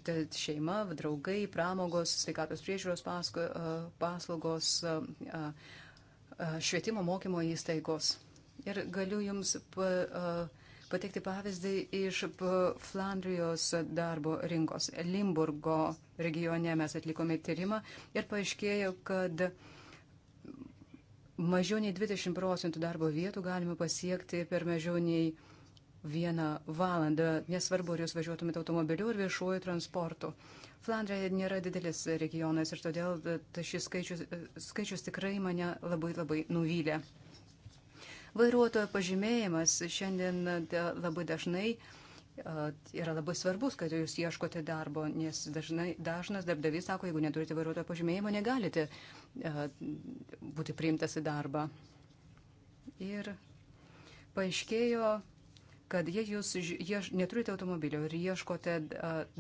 šeima, draugai, pramogos, sveikatos priežiūros pasko, paslaugos, švietimo mokymo įstaigos. Ir galiu jums. Pa, pateikti pavyzdį iš Flandrijos darbo rinkos. Limburgo regione mes atlikome tyrimą ir paaiškėjo, kad mažiau nei 20 procentų darbo vietų galima pasiekti per mažiau nei vieną valandą, nesvarbu, ar jūs važiuotumėte automobiliu ar viešuoju transportu. Flandrija nėra didelis regionas ir todėl e, šis skaičius, e, skaičius tikrai mane labai labai nuvylė. Vairuotojo pažymėjimas šiandien e, labai dažnai e, yra labai svarbus, kad jūs ieškote darbo, nes dažnai, dažnas darbdavys sako, jeigu neturite vairuotojo pažymėjimo, negalite e, būti priimtas į darbą. Ir paaiškėjo, kad jei jūs jieš, neturite automobilio ir ieškote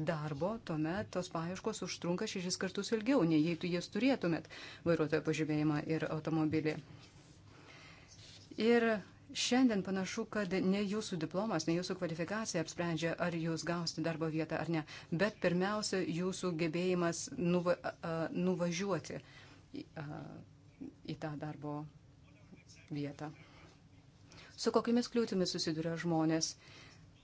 darbo, tuomet tos paieškos užtrunka šešis kartus ilgiau, nei jei tu jas turėtumėt vairuotojo pažymėjimą ir automobilį. Ir šiandien panašu, kad ne jūsų diplomas, ne jūsų kvalifikacija apsprendžia, ar jūs gausite darbo vietą ar ne, bet pirmiausia, jūsų gebėjimas nuva, nuvažiuoti į, į tą darbo vietą. Su kokiamis kliūtimis susiduria žmonės,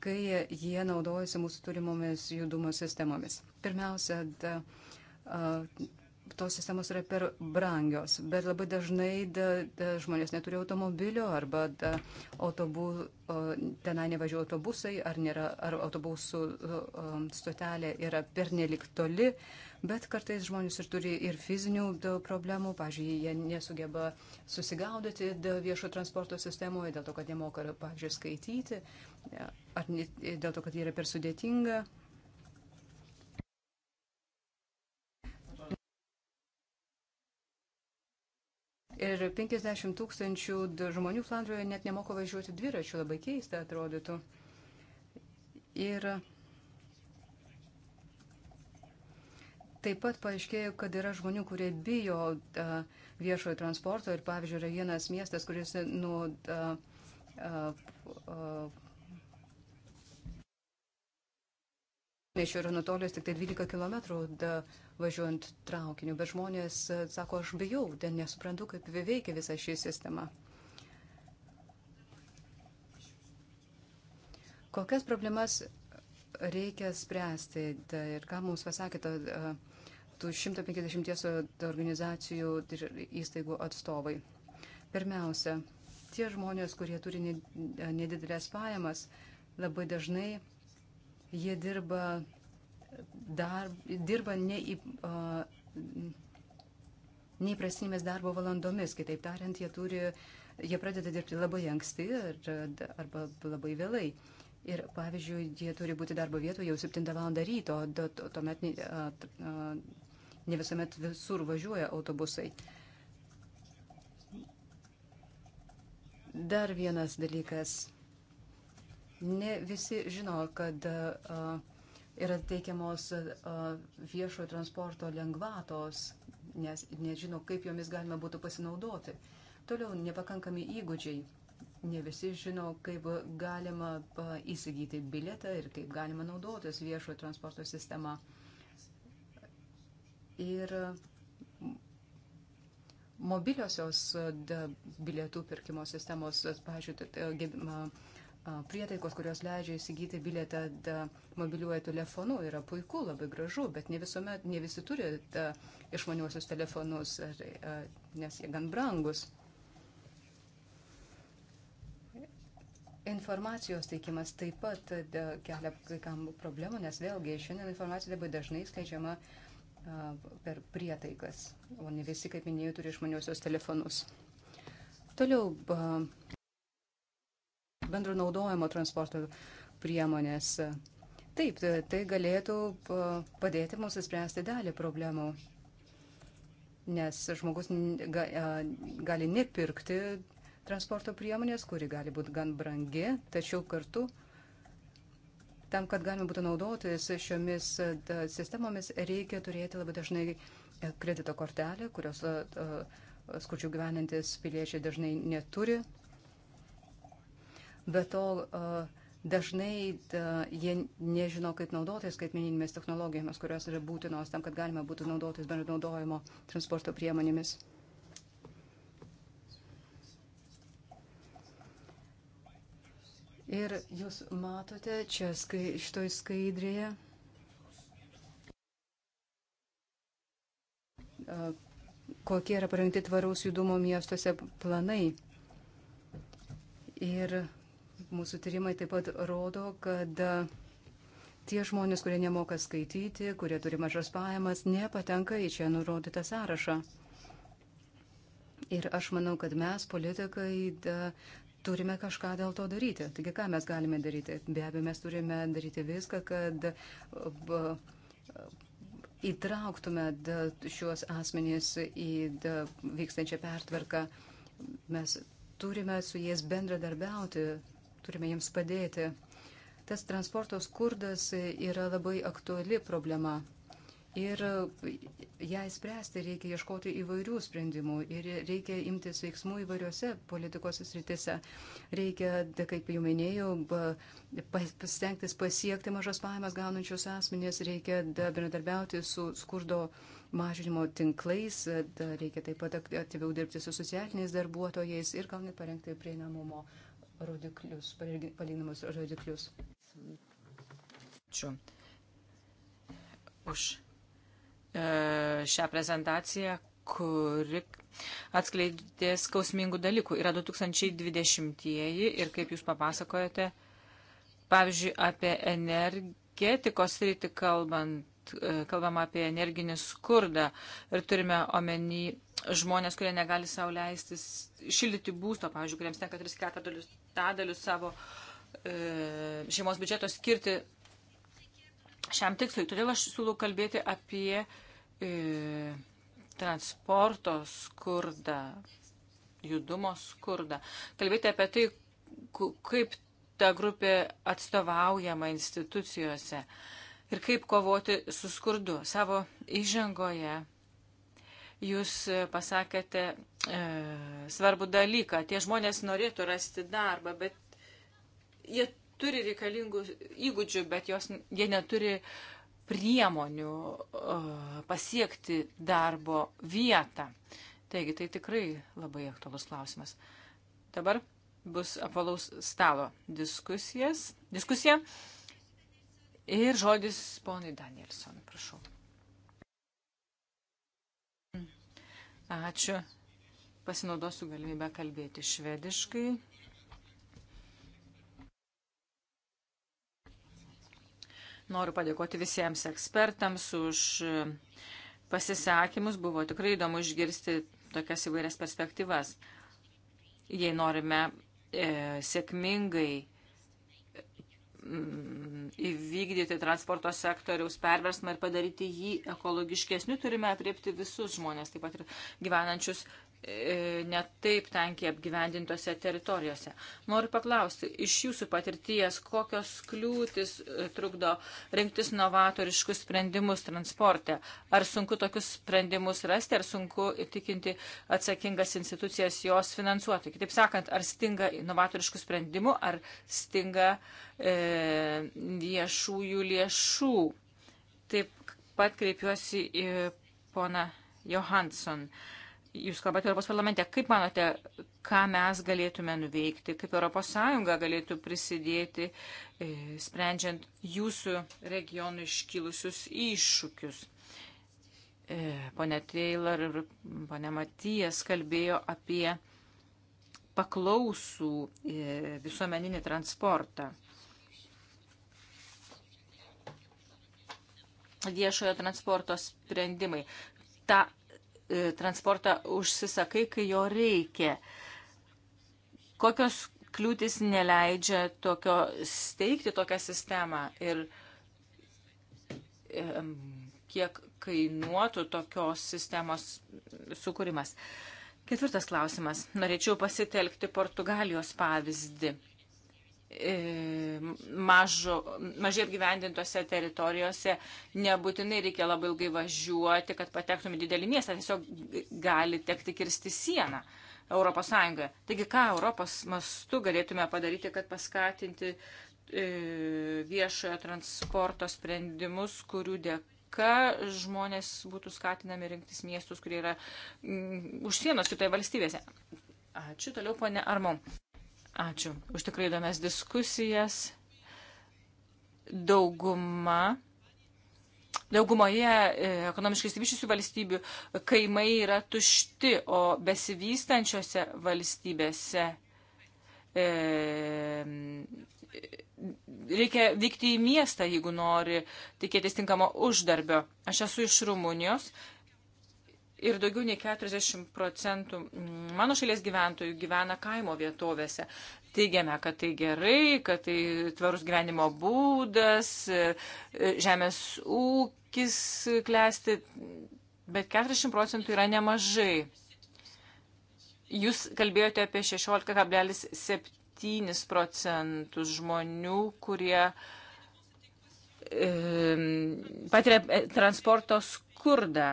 kai jie naudojasi mūsų turimomis judumo sistemomis? Pirmiausia, da, tos sistemos yra per brangios, bet labai dažnai da, da, žmonės neturi automobilio arba da, autobu, o, tenai nevažiuoja autobusai ar, nėra, ar autobusų o, stotelė yra pernelik toli, bet kartais žmonės ir turi ir fizinių da, problemų, pavyzdžiui, jie nesugeba susigaudyti viešo transporto sistemoje dėl to, kad nemoka, pavyzdžiui, skaityti ar dėl to, kad jie yra per sudėtinga. Ir 50 tūkstančių žmonių Flandrijoje net nemoka važiuoti dviračių, labai keista atrodytų. Ir Taip pat paaiškėjo, kad yra žmonių, kurie bijo a, viešojo transporto ir, pavyzdžiui, yra vienas miestas, kuris nuo. A, a, a, Iš yra nutolęs tik tai 12 km da, važiuojant traukiniu, bet žmonės e, sako, aš bijau, ten nesuprantu, kaip veikia visa ši sistema. Kokias problemas reikia spręsti tai ir ką mums pasakė ta, e, tų 150 organizacijų ir įstaigų atstovai. Pirmiausia, tie žmonės, kurie turi nedidelės pajamas, labai dažnai jie dirba darb, dirba neį, uh, neįprastinėmis darbo valandomis. Kitaip tariant, jie, turi, jie pradeda dirbti labai anksti ar, arba labai vėlai. Ir pavyzdžiui, jie turi būti darbo vietoje jau 7 val. ryto, tuomet ne visuomet visur važiuoja autobusai. Dar vienas dalykas. Ne visi žino, kad uh, yra teikiamos viešojo transporto lengvatos, nes nežino, kaip jomis galima būtų pasinaudoti. Toliau nepakankami įgūdžiai. Ne visi žino, kaip galima įsigyti biletą ir kaip galima naudotis viešojo transporto sistema. Ir mobiliosios bilietų pirkimo sistemos, pažiūrėjau, prietaikos, kurios leidžia įsigyti bilietą mobiliuoju telefonu, yra puiku, labai gražu, bet ne, visuomet, ne visi turi da, išmaniuosius telefonus, ar, a, nes jie gan brangus. Informacijos teikimas taip pat da, kelia kai kam problemų, nes vėlgi šiandien informacija labai dažnai skleidžiama per prietaikas, o ne visi, kaip minėjau, turi išmaniuosius telefonus. Toliau bendro naudojimo transporto priemonės. Taip, tai galėtų padėti mums įspręsti dalį problemų, nes žmogus gali nepirkti transporto priemonės, kuri gali būti gan brangi, tačiau kartu tam, kad galima būtų naudotis šiomis sistemomis, reikia turėti labai dažnai e, kredito kortelę, kurios skučių gyvenantis piliečiai dažnai neturi bet to dažnai jie nežino, kaip naudotis skaitmeninėmis technologijomis, kurios yra būtinos tam, kad galima būtų naudotis bendro naudojimo transporto priemonėmis. Ir jūs matote čia skai, šitoj skaidrėje kokie yra parengti tvaraus judumo miestuose planai. Ir Mūsų tyrimai taip pat rodo, kad e, tie žmonės, kurie nemoka skaityti, kurie turi mažas pajamas, nepatenka į čia nurodytą sąrašą. Ir aš manau, kad mes, politikai, da, turime kažką dėl to daryti. Taigi, ką mes galime daryti? Be abejo, mes turime daryti viską, kad b, įtrauktume da, šiuos asmenys į da, vykstančią pertvarką. Mes turime su jais bendradarbiauti turime jiems padėti. Tas transporto skurdas yra labai aktuali problema. Ir ją spręsti reikia ieškoti įvairių sprendimų ir reikia imtis veiksmų įvairiose politikos sritise. Reikia, tai kaip jau minėjau, pasitengtis pasiekti mažas pajamas gaunančius asmenės, reikia bendradarbiauti su skurdo mažinimo tinklais, reikia taip pat aktyviau dirbti su socialiniais darbuotojais ir gal net parengti prieinamumo rodiklius, palyginamus rodiklius. Ačiū už e, šią prezentaciją, kuri atskleidė skausmingų dalykų. Yra 2020-ieji ir kaip jūs papasakojate, pavyzdžiui, apie energetikos rytį kalbant, E, kalbam apie energinį skurdą ir turime omeny žmonės, kurie negali savo leisti šildyti būsto, pavyzdžiui, kuriems tenka 3-4 tadalius savo e, šeimos biudžeto skirti šiam tikslui. Todėl aš siūlau kalbėti apie e, transporto skurdą, judumo skurdą. Kalbėti apie tai, kaip ta grupė atstovaujama institucijose. E, ir kaip kovoti su skurdu. Savo įžengoje jūs e, pasakėte e, svarbų dalyką. Tie žmonės norėtų rasti darbą, bet jie turi reikalingų įgūdžių, bet jos, jie neturi priemonių e, pasiekti darbo vietą. Taigi tai tikrai labai aktualus klausimas. Dabar bus apvalaus stalo diskusijas. Diskusija. Ir žodis ponui Danielson, prašau. Ačiū. Pasinaudosiu galimybę kalbėti švediškai. Noriu padėkoti visiems ekspertams už pasisakymus. Buvo tikrai įdomu išgirsti tokias įvairias perspektyvas. Jei norime e, sėkmingai Mm, įvykdyti transporto sektoriaus perversmą ir padaryti jį ekologiškesniu, turime apriepti visus žmonės, taip pat ir gyvenančius E, netaip tankiai apgyvendintose teritorijose. Noriu paklausti, iš jūsų patirties, kokios kliūtis e, trukdo rinktis novatoriškus sprendimus transporte? Ar sunku tokius sprendimus rasti, ar sunku įtikinti atsakingas institucijas jos finansuoti? Kitaip sakant, ar stinga novatoriškų sprendimų, ar stinga e, viešųjų lėšų? Taip pat kreipiuosi į poną Johansson. E, jūs kalbate Europos parlamente, kaip manote, ką mes galėtume nuveikti, kaip ES galėtų prisidėti, e, sprendžiant jūsų regionų iškilusius iššūkius? E, pone Taylor ir pone Matijas kalbėjo apie paklausų e, visuomeninį transportą. Viešojo transporto sprendimai. Ta E, transportą užsisakai, kai jo reikia. Kokios kliūtis neleidžia tokio steigti tokią sistemą ir kiek kainuotų tokios sistemos sukūrimas. Ketvirtas klausimas. Norėčiau pasitelkti Portugalijos pavyzdį. E, mažo, mažai apgyvendintose teritorijose nebūtinai reikia labai ilgai važiuoti, kad patektum į didelį miestą, tiesiog gali tekti kirsti sieną Europos Sąjungoje. Taigi, ką Europos mastu galėtume padaryti, kad paskatinti e, viešojo transporto sprendimus, kurių dėka žmonės būtų skatinami rinktis miestus, kurie yra m, už sienos kitoje valstybėse. Ačiū toliau, ponė Armon. Ačiū už tikrai įdomias diskusijas. Dauguma. Daugumoje e, ekonomiškai įsivyšusių valstybių kaimai yra tušti, o besivystančiose valstybėse e, reikia vykti į miestą, jeigu nori tikėtis tinkamo uždarbio. Aš esu iš Rumunijos ir daugiau nei 40 procentų mano šalies gyventojų gyvena kaimo vietovėse. Teigiame, kad tai gerai, kad tai tvarus gyvenimo būdas, žemės ūkis klesti, bet 40 procentų yra nemažai. Jūs kalbėjote apie 16,7 procentus žmonių, kurie patiria e, transporto skurdą.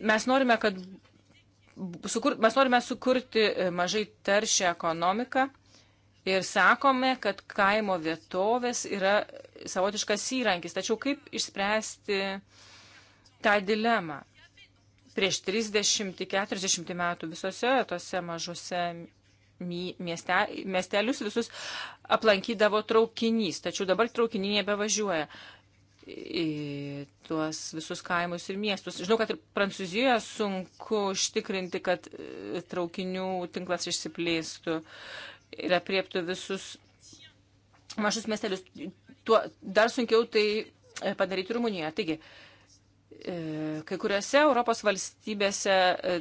Mes norime, kad sukur, mes norime sukurti e, mažai taršią ekonomiką ir sakome, kad kaimo vietovės yra savotiškas įrankis. Tačiau kaip išspręsti tą dilemą? Prieš 30-40 metų visose tose mažose mieste, miestelius visus aplankydavo traukinys, tačiau dabar traukinį nebevažiuoja į tuos visus kaimus ir miestus. Žinau, kad ir Prancūzijoje sunku užtikrinti, kad e, traukinių tinklas išsiplėstų ir apriektų visus mažus miestelius. Tuo dar sunkiau tai e, padaryti Rumunijoje. Taigi, uh, E, kai kuriuose Europos valstybėse e,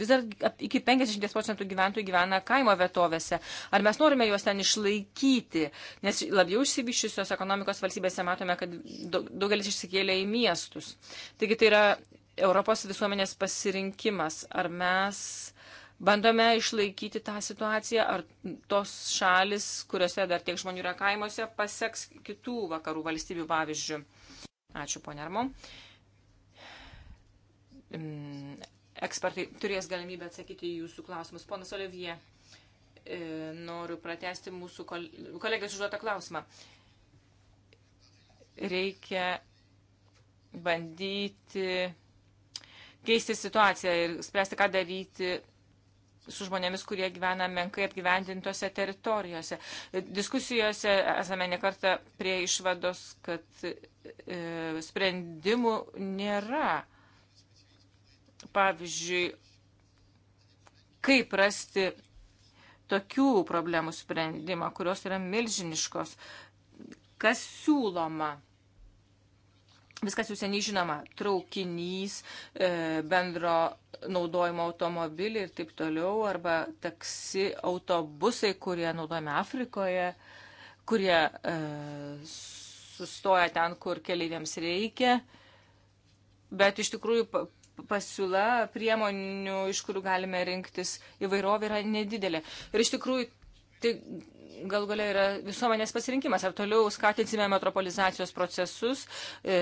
vis dar iki 50 procentų gyventojų gyvena kaimo vietovėse. Ar mes norime juos ten išlaikyti? Nes labiau išsivyščiusios ekonomikos valstybėse matome, kad daugelis išsikėlė į miestus. Taigi tai yra Europos visuomenės pasirinkimas. Ar mes bandome išlaikyti tą situaciją, ar tos šalis, kuriuose dar tiek žmonių yra kaimuose, paseks kitų vakarų valstybių pavyzdžių? Ačiū, ponia Armon. Mm, ekspertai turės galimybę atsakyti į jūsų klausimus. Ponas Olivie, e, noriu pratesti mūsų kolegės užduotą klausimą. Reikia bandyti keisti situaciją ir spręsti, ką daryti su žmonėmis, kurie gyvena menkai apgyvendintose teritorijose. Diskusijose esame nekarta prie išvados, kad e, sprendimų nėra. E, Pavyzdžiui, kaip rasti tokių problemų sprendimą, kurios yra milžiniškos, kas siūloma. Viskas jau seniai žinoma - traukinys, e, bendro naudojimo automobiliai ir taip toliau, arba taksi autobusai, kurie naudojami Afrikoje, kurie e, sustoja ten, kur keliaiviams reikia. Bet iš tikrųjų pasiūla priemonių, iš kurių galime rinktis įvairovė yra nedidelė. Ir iš tikrųjų, tai gal galia yra visuomenės pasirinkimas. Ar toliau skatinsime metropolizacijos procesus, e,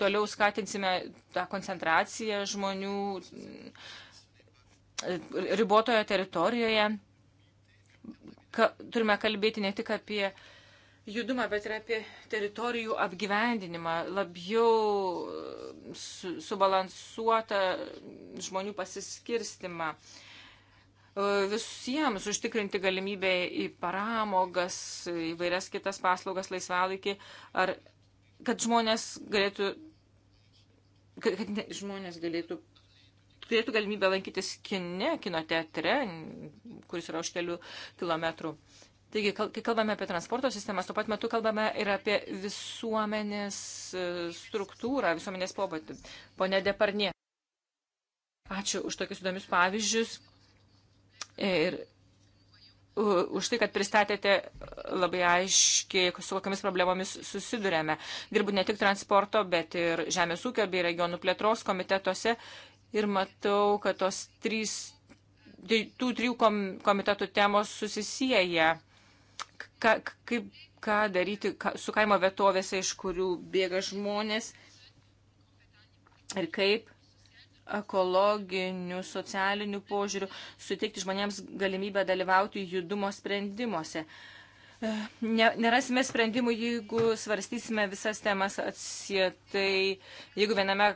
toliau skatinsime tą koncentraciją žmonių e, ribotoje teritorijoje. Ka, turime kalbėti ne tik apie judumą, bet ir apie teritorijų apgyvendinimą, labiau e, su, subalansuotą žmonių pasiskirstimą. E, visiems užtikrinti galimybę į paramogas, įvairias kitas paslaugas laisvalaikį, ar kad žmonės galėtų, kad, kad ne, žmonės galėtų, turėtų galimybę lankytis kine, kino teatre, kuris yra už kelių kilometrų Taigi, kai kalbame apie transporto sistemas, tuo pat metu kalbame ir apie visuomenės e, struktūrą, visuomenės pobūdį. Pone Deparnie, ačiū už tokius įdomius pavyzdžius ir už tai, kad pristatėte labai aiškiai, su kokiamis problemomis susidurėme. Dirbu ne tik transporto, bet ir Žemės ūkio bei regionų plėtros komitetuose ir matau, kad tos trys, tai tų trijų komitetų temos susisieja ką, kaip, ką daryti ka, su kaimo vietovėse, iš kurių bėga žmonės ir kaip ekologinių, socialinių požiūrių suteikti žmonėms galimybę dalyvauti judumo sprendimuose. E, ne, nerasime sprendimų, jeigu svarstysime visas temas atsietai, jeigu viename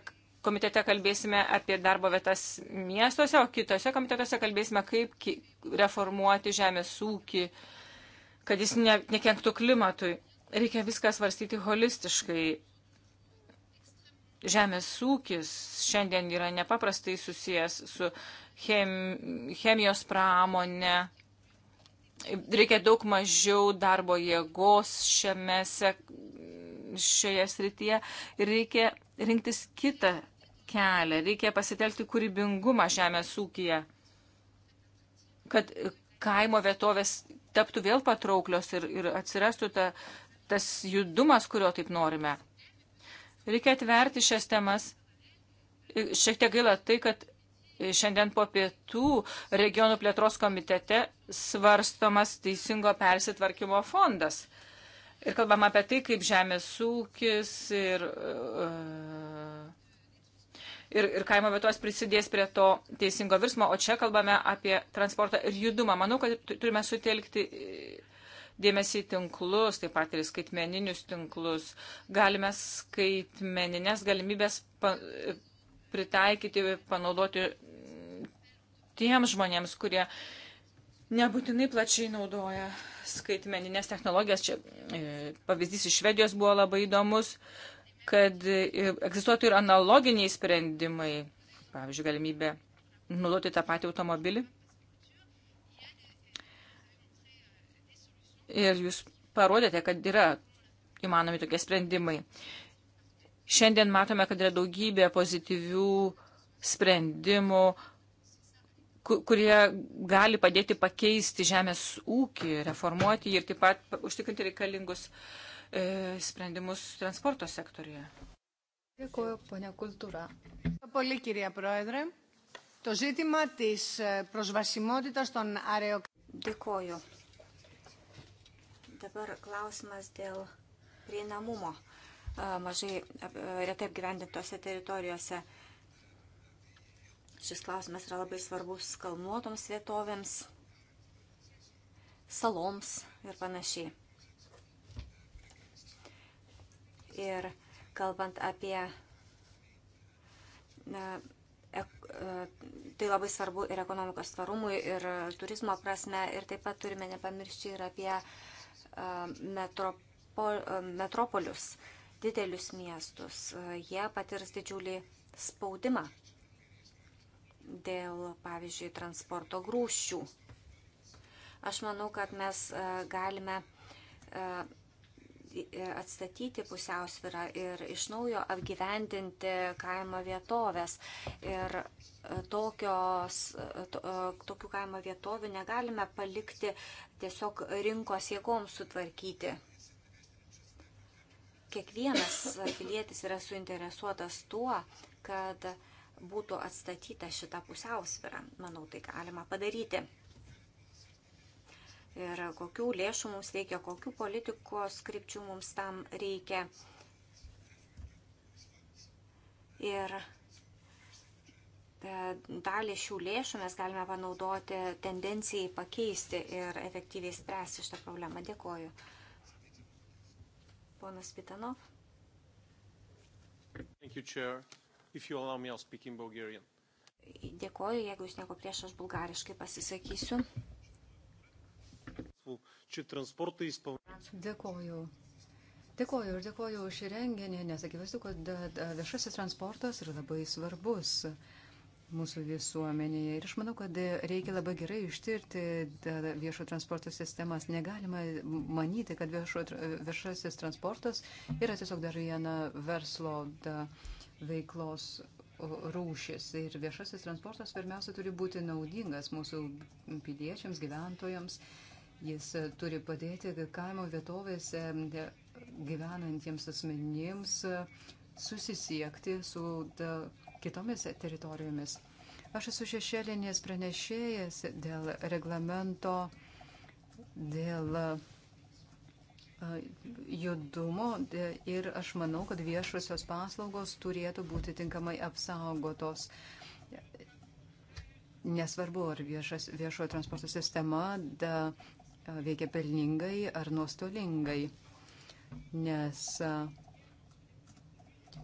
komitete kalbėsime apie darbo vietas miestuose, o kitose komitetuose kalbėsime, kaip reformuoti žemės ūkį, uh, kad jis ne, nekenktų klimatui. Reikia viską svarstyti holistiškai. Žemės ūkis šiandien yra nepaprastai susijęs su chem, chemijos pramonė. Reikia daug mažiau darbo jėgos šiame, šioje srityje ir reikia rinktis kitą kelią. Reikia pasitelkti kūrybingumą žemės ūkiją, kad kaimo vietovės taptų vėl patrauklios ir, ir atsirastų ta, tas judumas, kurio taip norime. Reikia atverti šias temas. Šiek tiek gaila tai, kad šiandien po pietų regionų plėtros komitete svarstomas teisingo persitvarkymo fondas. Ir kalbam apie tai, kaip žemės ūkis ir. Uh, ir, ir kaimo vietos prisidės prie to teisingo virsmo, o čia kalbame apie transportą ir judumą. Manau, kad turime sutelkti e, dėmesį į tinklus, taip pat ir skaitmeninius tinklus. Galime skaitmeninės galimybės pa, e, pritaikyti, panaudoti tiems žmonėms, kurie nebūtinai plačiai naudoja skaitmeninės technologijas. Čia e, pavyzdys iš Švedijos buvo labai įdomus. E, kad e, egzistuotų ir analoginiai sprendimai, pavyzdžiui, galimybė naudoti tą patį automobilį. Ir jūs parodėte, kad yra įmanomi tokie sprendimai. Šiandien matome, kad yra daugybė pozityvių sprendimų, kurie gali padėti pakeisti žemės ūkį, reformuoti jį ir taip pat užtikrinti reikalingus uh, E, sprendimus transporto sektoriuje. Dėkuoju, ponia Kultūra. Πολύ, κυρία Πρόεδρε. Το ζήτημα της προσβασιμότητας των αεροκρατών. Dėkuoju. Dabar klausimas dėl prieinamumo e, mažai e, retai apgyvendintose teritorijose. Šis klausimas yra labai svarbus kalnuotoms vietovėms, saloms ir panašiai. Ir kalbant apie. E, tai labai svarbu ir ekonomikos tvarumui, ir turizmo prasme, ir taip pat turime nepamiršti ir apie e, metropol, e, metropolius, didelius miestus. Jie patirs didžiulį spaudimą dėl, pavyzdžiui, transporto grūščių. Aš manau, kad mes galime E, atstatyti pusiausvyrą ir iš naujo apgyvendinti kaimo vietovės. Ir e, tokios, e, to, tokių kaimo vietovių negalime palikti tiesiog rinkos jėgoms sutvarkyti. Kiekvienas pilietis yra suinteresuotas tuo, kad būtų atstatyta šita pusiausvyrą. Manau, tai galima padaryti ir kokių lėšų mums reikia, kokių politikos skripčių mums tam reikia. Ir dalį šių lėšų mes galime panaudoti tendencijai pakeisti ir efektyviai spręsti šitą problemą. Dėkoju. Ponas Pitanov. Dėkoju, jeigu jūs nieko prieš, aš bulgariškai pasisakysiu че транспорта изпълнява. Dėkoju. Dėkoju ir dėkoju už šį renginį, nes akivaizdu, kad viešasis transportas yra labai svarbus mūsų visuomenėje. Ir aš manau, kad reikia labai gerai ištirti viešo transporto sistemas. Negalima manyti, kad viešo, viešasis transportas yra tiesiog dar viena verslo da, veiklos rūšis. Ir viešasis transportas pirmiausia turi būti naudingas mūsų piliečiams, gyventojams. Jis e, turi padėti kaimo vietovėse e, gyvenantiems asmenims e, susisiekti su kitomis teritorijomis. Aš esu šešėlinės pranešėjas dėl reglamento, dėl judumo ir aš manau, kad viešosios paslaugos turėtų būti tinkamai apsaugotos nesvarbu, ar viešas, viešojo transporto sistema da, veikia pelningai ar nuostolingai. Nes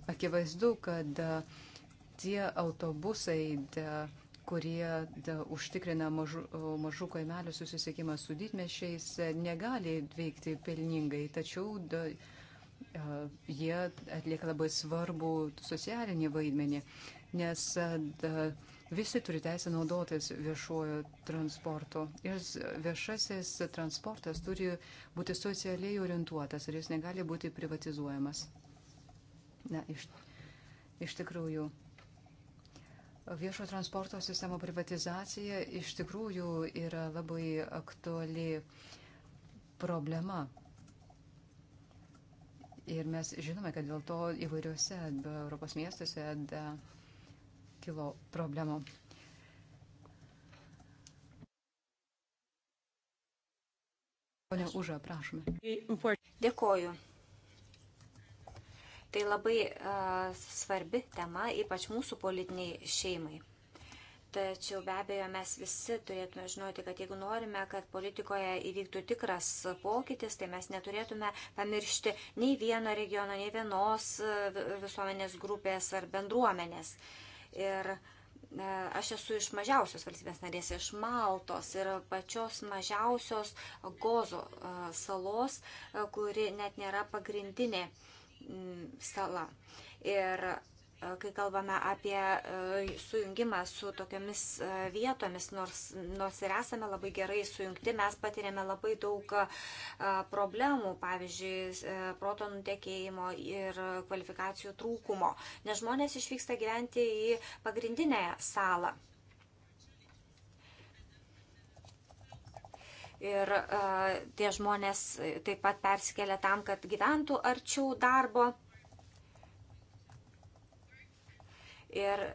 akivaizdu, kad tie autobusai, kurie da, užtikrina mažų, mažų kaimelių susisiekimą su didmešiais, e, negali veikti pelningai, tačiau da, jie atlieka labai svarbų socialinį vaidmenį, nes da, Visi turi teisę naudotis viešuoju transportu. Ir viešasis transportas turi būti socialiai orientuotas ir jis negali būti privatizuojamas. Na, iš, iš tikrųjų. Viešo transporto sistemo privatizacija iš tikrųjų yra labai aktuali problema. Ir mes žinome, kad dėl to įvairiuose Europos miestuose da, kilo problemų. Pone Užą, prašome. Dėkoju. Tai labai uh, svarbi tema, ypač mūsų politiniai šeimai. Tačiau be abejo mes visi turėtume žinoti, kad jeigu norime, kad politikoje įvyktų tikras pokytis, tai mes neturėtume pamiršti nei vieno regiono, nei vienos visuomenės grupės ar bendruomenės. Uh, Ir e, aš esu iš mažiausios valstybės narės, iš Maltos ir pačios mažiausios Gozo e, salos, e, kuri net nėra pagrindinė sala. Ir E, kai kalbame apie e, sujungimą su tokiomis e, vietomis, nors, nors ir esame labai gerai sujungti, mes patiriame labai daug problemų, pavyzdžiui, proto nutekėjimo ir kvalifikacijų trūkumo, nes žmonės išvyksta gyventi į pagrindinę salą. Ir uh, tie žmonės taip pat persikelia tam, kad gyventų arčiau darbo. Uh, ir e,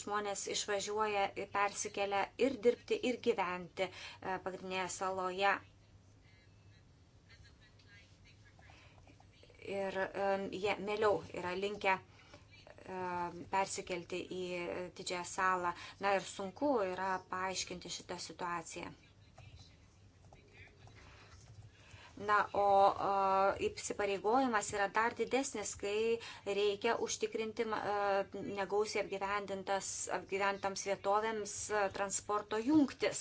žmonės išvažiuoja ir persikelia ir dirbti, ir gyventi e, pagrindinėje saloje. Ir e, jie mėliau yra linkę persikelti į didžiąją salą. Na ir sunku yra paaiškinti šitą situaciją. Na, o įsipareigojimas yra dar didesnis, kai reikia užtikrinti negausiai apgyventams vietovėms transporto jungtis.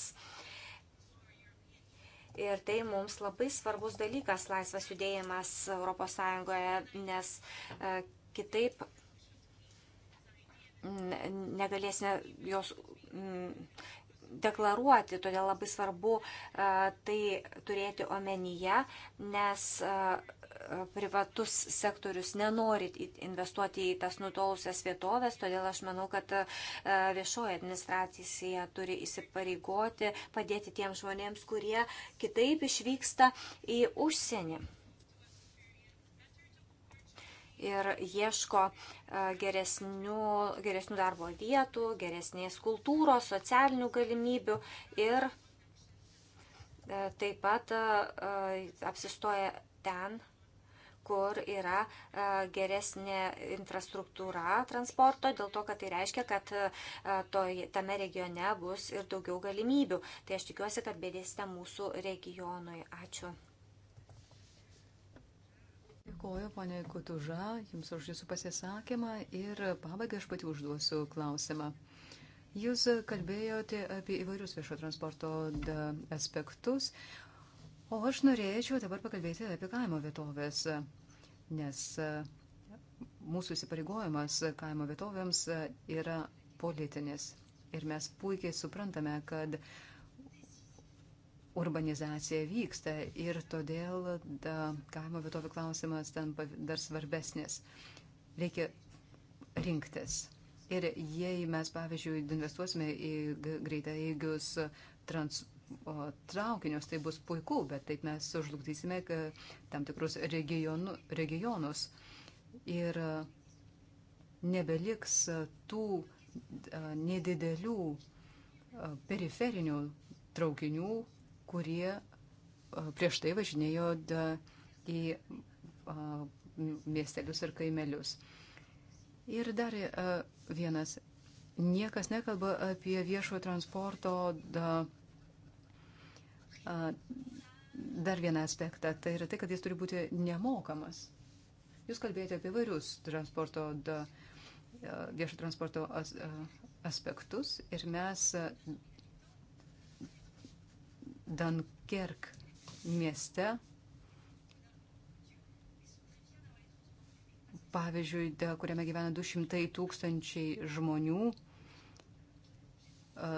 Ir tai mums labai svarbus dalykas laisvas judėjimas ES, nes kitaip negalėsime jos deklaruoti, todėl labai svarbu tai turėti omenyje, nes privatus sektorius nenori investuoti į tas nutolusias vietovės, todėl aš manau, kad viešoji administracija turi įsipareigoti padėti tiems žmonėms, kurie kitaip išvyksta į užsienį ir ieško e, geresnių, geresnių darbo vietų, geresnės kultūros, socialinių galimybių ir e, taip pat e, apsistoja ten, kur yra geresnė infrastruktūra transporto, dėl to, kad tai reiškia, kad to, tame regione bus ir daugiau galimybių. Tai aš tikiuosi, kad bėdėsite mūsų regionui. Ačiū. Dėkuoju, ponė Kutuža, jums už jūsų pasisakymą ir pabaigai aš pati užduosiu klausimą. Jūs kalbėjote apie įvairius viešo transporto aspektus, o aš norėčiau dabar pakalbėti apie kaimo vietovės, nes mūsų įsipareigojimas kaimo vietovėms yra politinis. Ir mes puikiai suprantame, kad uh, urbanizacija vyksta ir todėl da, kaimo vietovių klausimas tampa dar svarbesnis. Reikia rinktis. Ir jei mes, pavyzdžiui, investuosime į greitaigius trans, o, traukinius, tai bus puiku, bet taip mes sužlugdysime tam tikrus regionu, regionus. Ir nebeliks tų a, nedidelių a, periferinių traukinių, kurie prieš tai važinėjo į miestelius ir kaimelius. Ir dar vienas. Niekas nekalba apie viešojo transporto da, dar vieną aspektą. Tai yra tai, kad jis turi būti nemokamas. Jūs kalbėjote apie vairius transporto, da, viešo transporto as, aspektus ir mes Dunkirk mieste. Pavyzdžiui, de, kuriame gyvena 200 tūkstančiai žmonių, e,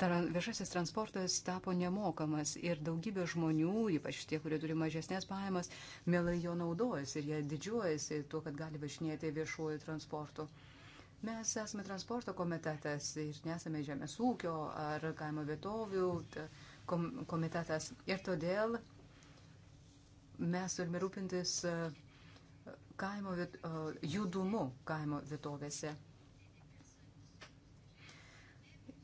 taran, viešasis transportas tapo nemokamas ir daugybė žmonių, ypač tie, kurie turi mažesnės pajamas, mielai jo naudojasi ir jie didžiuojasi tuo, kad gali važinėti viešuoju transportu. Mes esame transporto komitetas ir nesame žemės ūkio ar kaimo vietovių. Ta, komitetas. Ir todėl mes turime rūpintis e, kaimo viet, e, judumu kaimo vietovėse.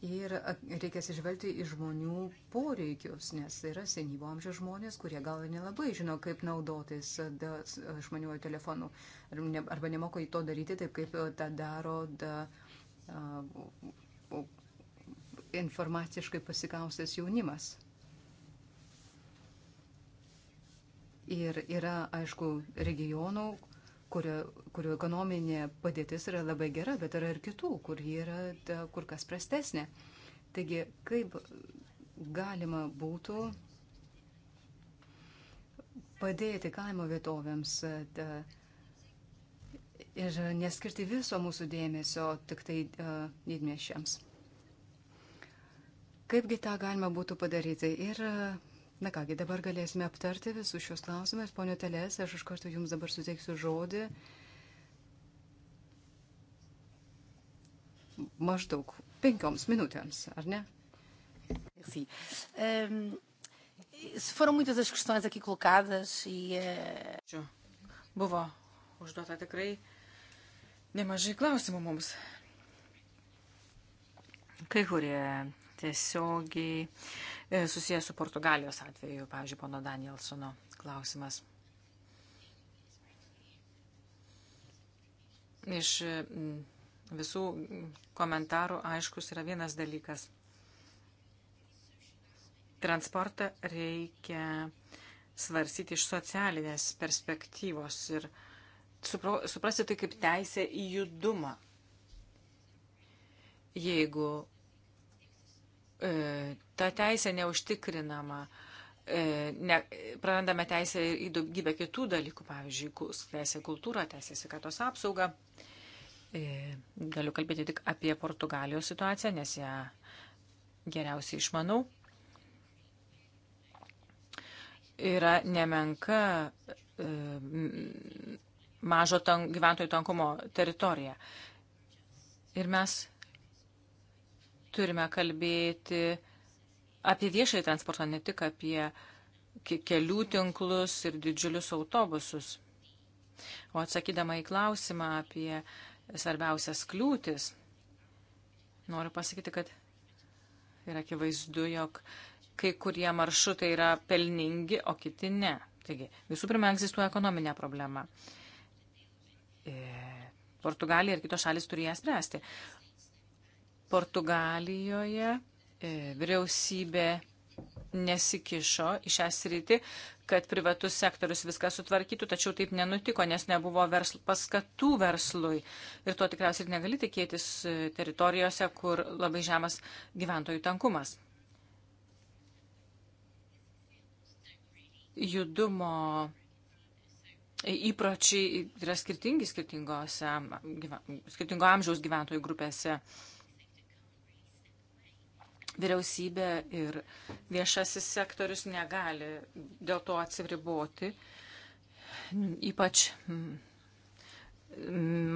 Ir e, reikia atsižvelgti į žmonių poreikius, nes yra senyvo amžiaus žmonės, kurie gal nelabai žino, kaip naudotis išmaniuoju telefonu arba nemoka į to daryti taip, kaip tą daro da, informaciškai pasikausęs jaunimas. Ir yra, aišku, regionų, kurio, kurio ekonominė padėtis yra labai gera, bet yra ir kitų, kur ji yra da, kur kas prastesnė. Taigi, kaip galima būtų padėti kaimo vietovėms da, ir neskirti viso mūsų dėmesio tik tai didmiešiams. Uh, Kaipgi tą galima būtų padaryti? Ir, na kągi, dabar galėsime aptarti visus šios klausimus. Pone Telės, aš iš karto Jums dabar suteiksiu žodį. Maždaug penkioms minutėms, ar ne? Sim. Ehm, um, foram muitas as questões aqui colocadas e. Uh... Buvo užduota tikrai nemažai klausimų mums. Kai kurie tiesiogiai e, susijęs su Portugalijos atveju, pavyzdžiui, pono Danielsono klausimas. Iš mm, visų komentarų aiškus yra vienas dalykas. Transportą reikia svarsyti iš socialinės perspektyvos ir suprasti tai kaip teisę į judumą. Jeigu E, ta teisė neužtikrinama. E, ne, prarandame teisę į daugybę kitų dalykų, pavyzdžiui, teisę kultūrą, teisę sveikatos apsaugą. E, galiu kalbėti tik apie Portugalijos situaciją, nes ją geriausiai išmanau. Yra nemenka mažo tank, gyventojų tankumo teritorija. Ir mes Turime kalbėti apie viešąjį transportą, ne tik apie kelių tinklus ir didžiulius autobusus. O atsakydama į klausimą apie svarbiausias kliūtis, noriu pasakyti, kad yra akivaizdu, jog kai kurie maršrutai yra pelningi, o kiti ne. Taigi, visų pirma, egzistuoja ekonominė problema. E, Portugalija ir kitos šalis turi ją spręsti. Portugalijoje e, vyriausybė nesikišo į šią sritį, kad privatus sektorius viską sutvarkytų, tačiau taip nenutiko, nes nebuvo versl, paskatų verslui. Ir to tikriausiai ir negali tikėtis e, teritorijose, kur labai žemas gyventojų tankumas. Judumo įpročiai yra skirtingi skirtingose, skirtingo amžiaus gyventojų grupėse. Uh, vyriausybė ir viešasis sektorius negali dėl to atsiriboti, ypač mm,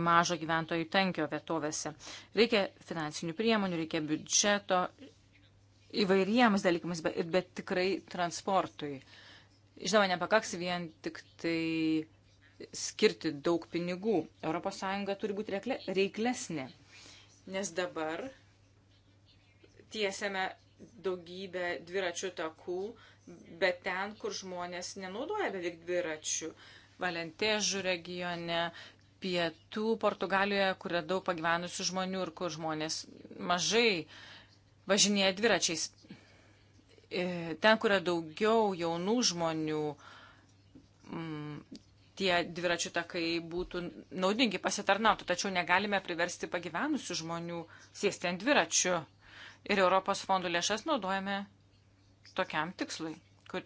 mažo gyventojų tenkio vietovėse. Reikia finansinių priemonių, reikia biudžeto įvairiems dalykams, bet, bet tikrai transportui. Žinoma, nepakaks vien tik tai skirti daug pinigų. ES turi būti reiklesnė, nes dabar tiesiame daugybę dviračių takų, bet ten, kur žmonės nenaudoja beveik dviračių. Valentėžų regione, pietų Portugalijoje, kur yra daug pagyvenusių žmonių ir kur žmonės mažai važinėja dviračiais. E, ten, kur yra daugiau jaunų žmonių, mm, tie dviračių takai būtų naudingi pasitarnautų, tačiau negalime priversti pagyvenusių žmonių sėsti ant dviračių ir Europos fondų lėšas naudojame tokiam tikslui, kur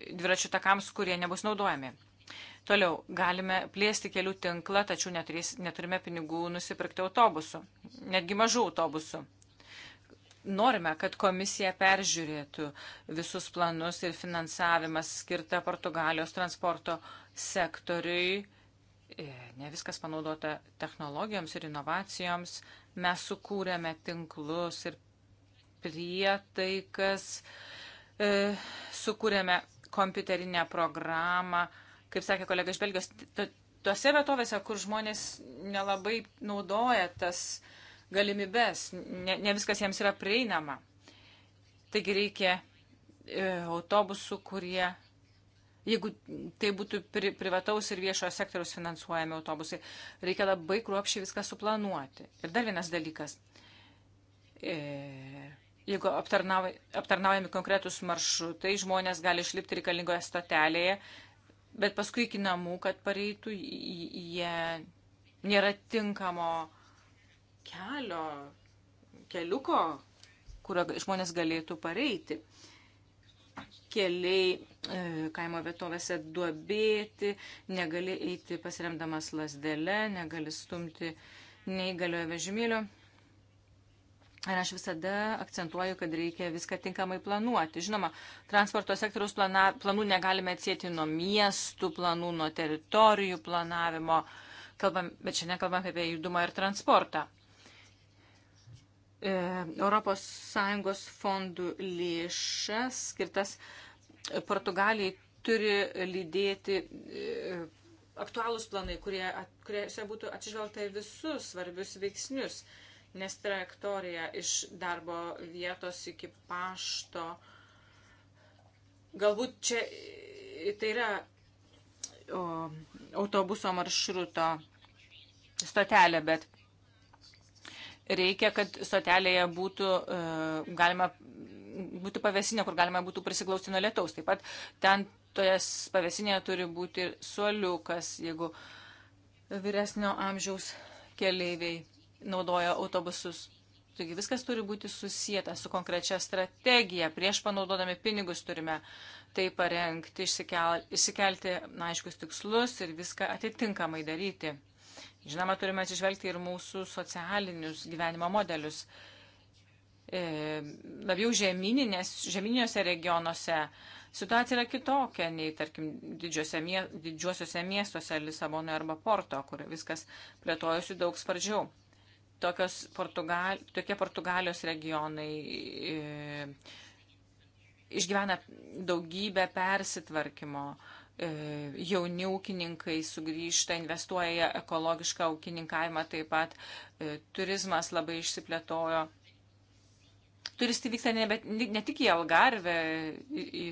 dviračių takams, kurie nebus naudojami. Toliau, galime plėsti kelių tinklą, tačiau neturės, neturime pinigų nusipirkti autobusų, netgi mažų autobusų. Norime, kad komisija peržiūrėtų visus planus ir finansavimas skirtą Portugalijos transporto sektoriui E, ne viskas panaudota technologijoms ir inovacijoms. Mes sukūrėme tinklus ir prietaikas, e, sukūrėme kompiuterinę programą. Kaip sakė kolega iš Belgijos, tose vietovėse, kur žmonės nelabai naudoja tas galimybes, ne, ne viskas jiems yra prieinama. Taigi reikia e, autobusų, kurie jeigu tai būtų pri, privataus ir viešojo sektoriaus finansuojami autobusai. Reikia labai kruopšiai viską suplanuoti. Ir dar vienas dalykas. E, jeigu aptarnaujami konkretus maršrutai, žmonės gali išlipti reikalingoje stotelėje, bet paskui iki namų, kad pareitų, jie nėra tinkamo kelio, keliuko, kurio žmonės galėtų pareiti. E, keliai e, kaimo vietovėse duobėti, negali eiti pasiremdamas lasdelę, negali stumti neįgaliojo vežimėlio. Ir aš visada akcentuoju, kad reikia viską tinkamai planuoti. Žinoma, transporto sektoriaus plana, planų negalime atsėti nuo miestų planų, nuo teritorijų planavimo, kalbam, bet šiandien kalbam apie judumą ir transportą. ES fondų lėšas skirtas Portugalijai turi lydėti e, aktualūs planai, kurie, kuriuose būtų atsižvelgta į visus svarbius veiksnius, nes trajektorija iš darbo vietos iki pašto. Galbūt čia e, tai yra o, autobuso maršruto stotelė, bet reikia, kad stotelėje būtų uh, galima būtų pavesinė, kur galima būtų prisiglausti nuo lietaus. Taip pat ten toje pavesinėje turi būti ir suoliukas, jeigu vyresnio amžiaus keleiviai naudoja autobusus. Taigi viskas turi būti susijęta su konkrečia strategija. Prieš panaudodami pinigus turime tai parengti, išsikel, išsikelti na, aiškius tikslus ir viską atitinkamai daryti. Žinoma, turime atsižvelgti ir mūsų socialinius gyvenimo modelius. E, labiau žemyninėse regionuose situacija yra kitokia nei, tarkim, didžiuosiuose miestuose Lisabonoje arba Porto, kur viskas plėtojusi daug sparčiau. Portugal, tokie Portugalijos regionai e, išgyvena daugybę persitvarkymo. E, E, jauni ūkininkai sugrįžta, investuoja ekologišką ūkininkavimą, taip pat e, turizmas labai išsiplėtojo. Turistai vyksta ne, bet, ne tik į Algarvę, į, į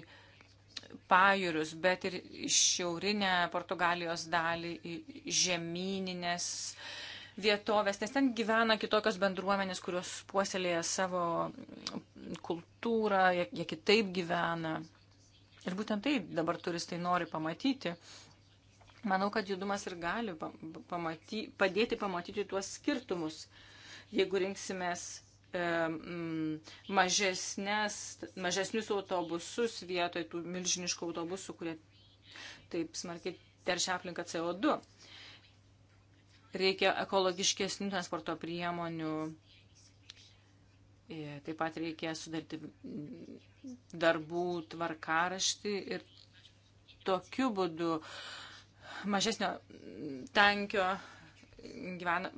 pajūrius, bet ir į šiaurinę Portugalijos dalį, į žemyninės vietovės, nes ten gyvena kitokios bendruomenės, kurios puoselėja savo kultūrą, jie, jie kitaip gyvena. Ir būtent tai dabar turistai nori pamatyti. Manau, kad judumas ir gali pamaty, padėti pamatyti tuos skirtumus. Jeigu rinksimės e, mažesnės, mažesnius autobusus vietoj tų milžiniškų autobusų, kurie taip smarkiai teršia aplinką CO2. Reikia ekologiškesnių transporto priemonių. E, taip pat reikia sudaryti darbų tvarkaraštį ir tokiu būdu mažesnio tankio gyvena,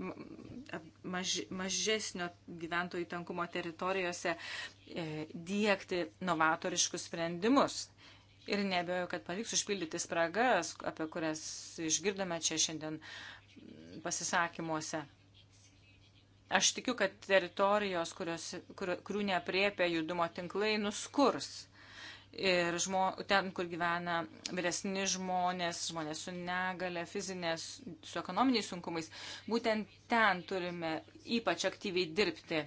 maž, mažesnio gyventojų tankumo teritorijose e, diegti novatoriškus sprendimus. Ir nebejoju, kad pavyks užpildyti spragas, apie kurias išgirdome čia šiandien pasisakymuose. Aš tikiu, kad teritorijos, kurios, kur, kurių nepriepia judumo tinklai, nuskurs. Ir žmo, ten, kur gyvena vyresni žmonės, žmonės su negale, fizinės, su ekonominiais sunkumais, būtent ten turime ypač aktyviai dirbti.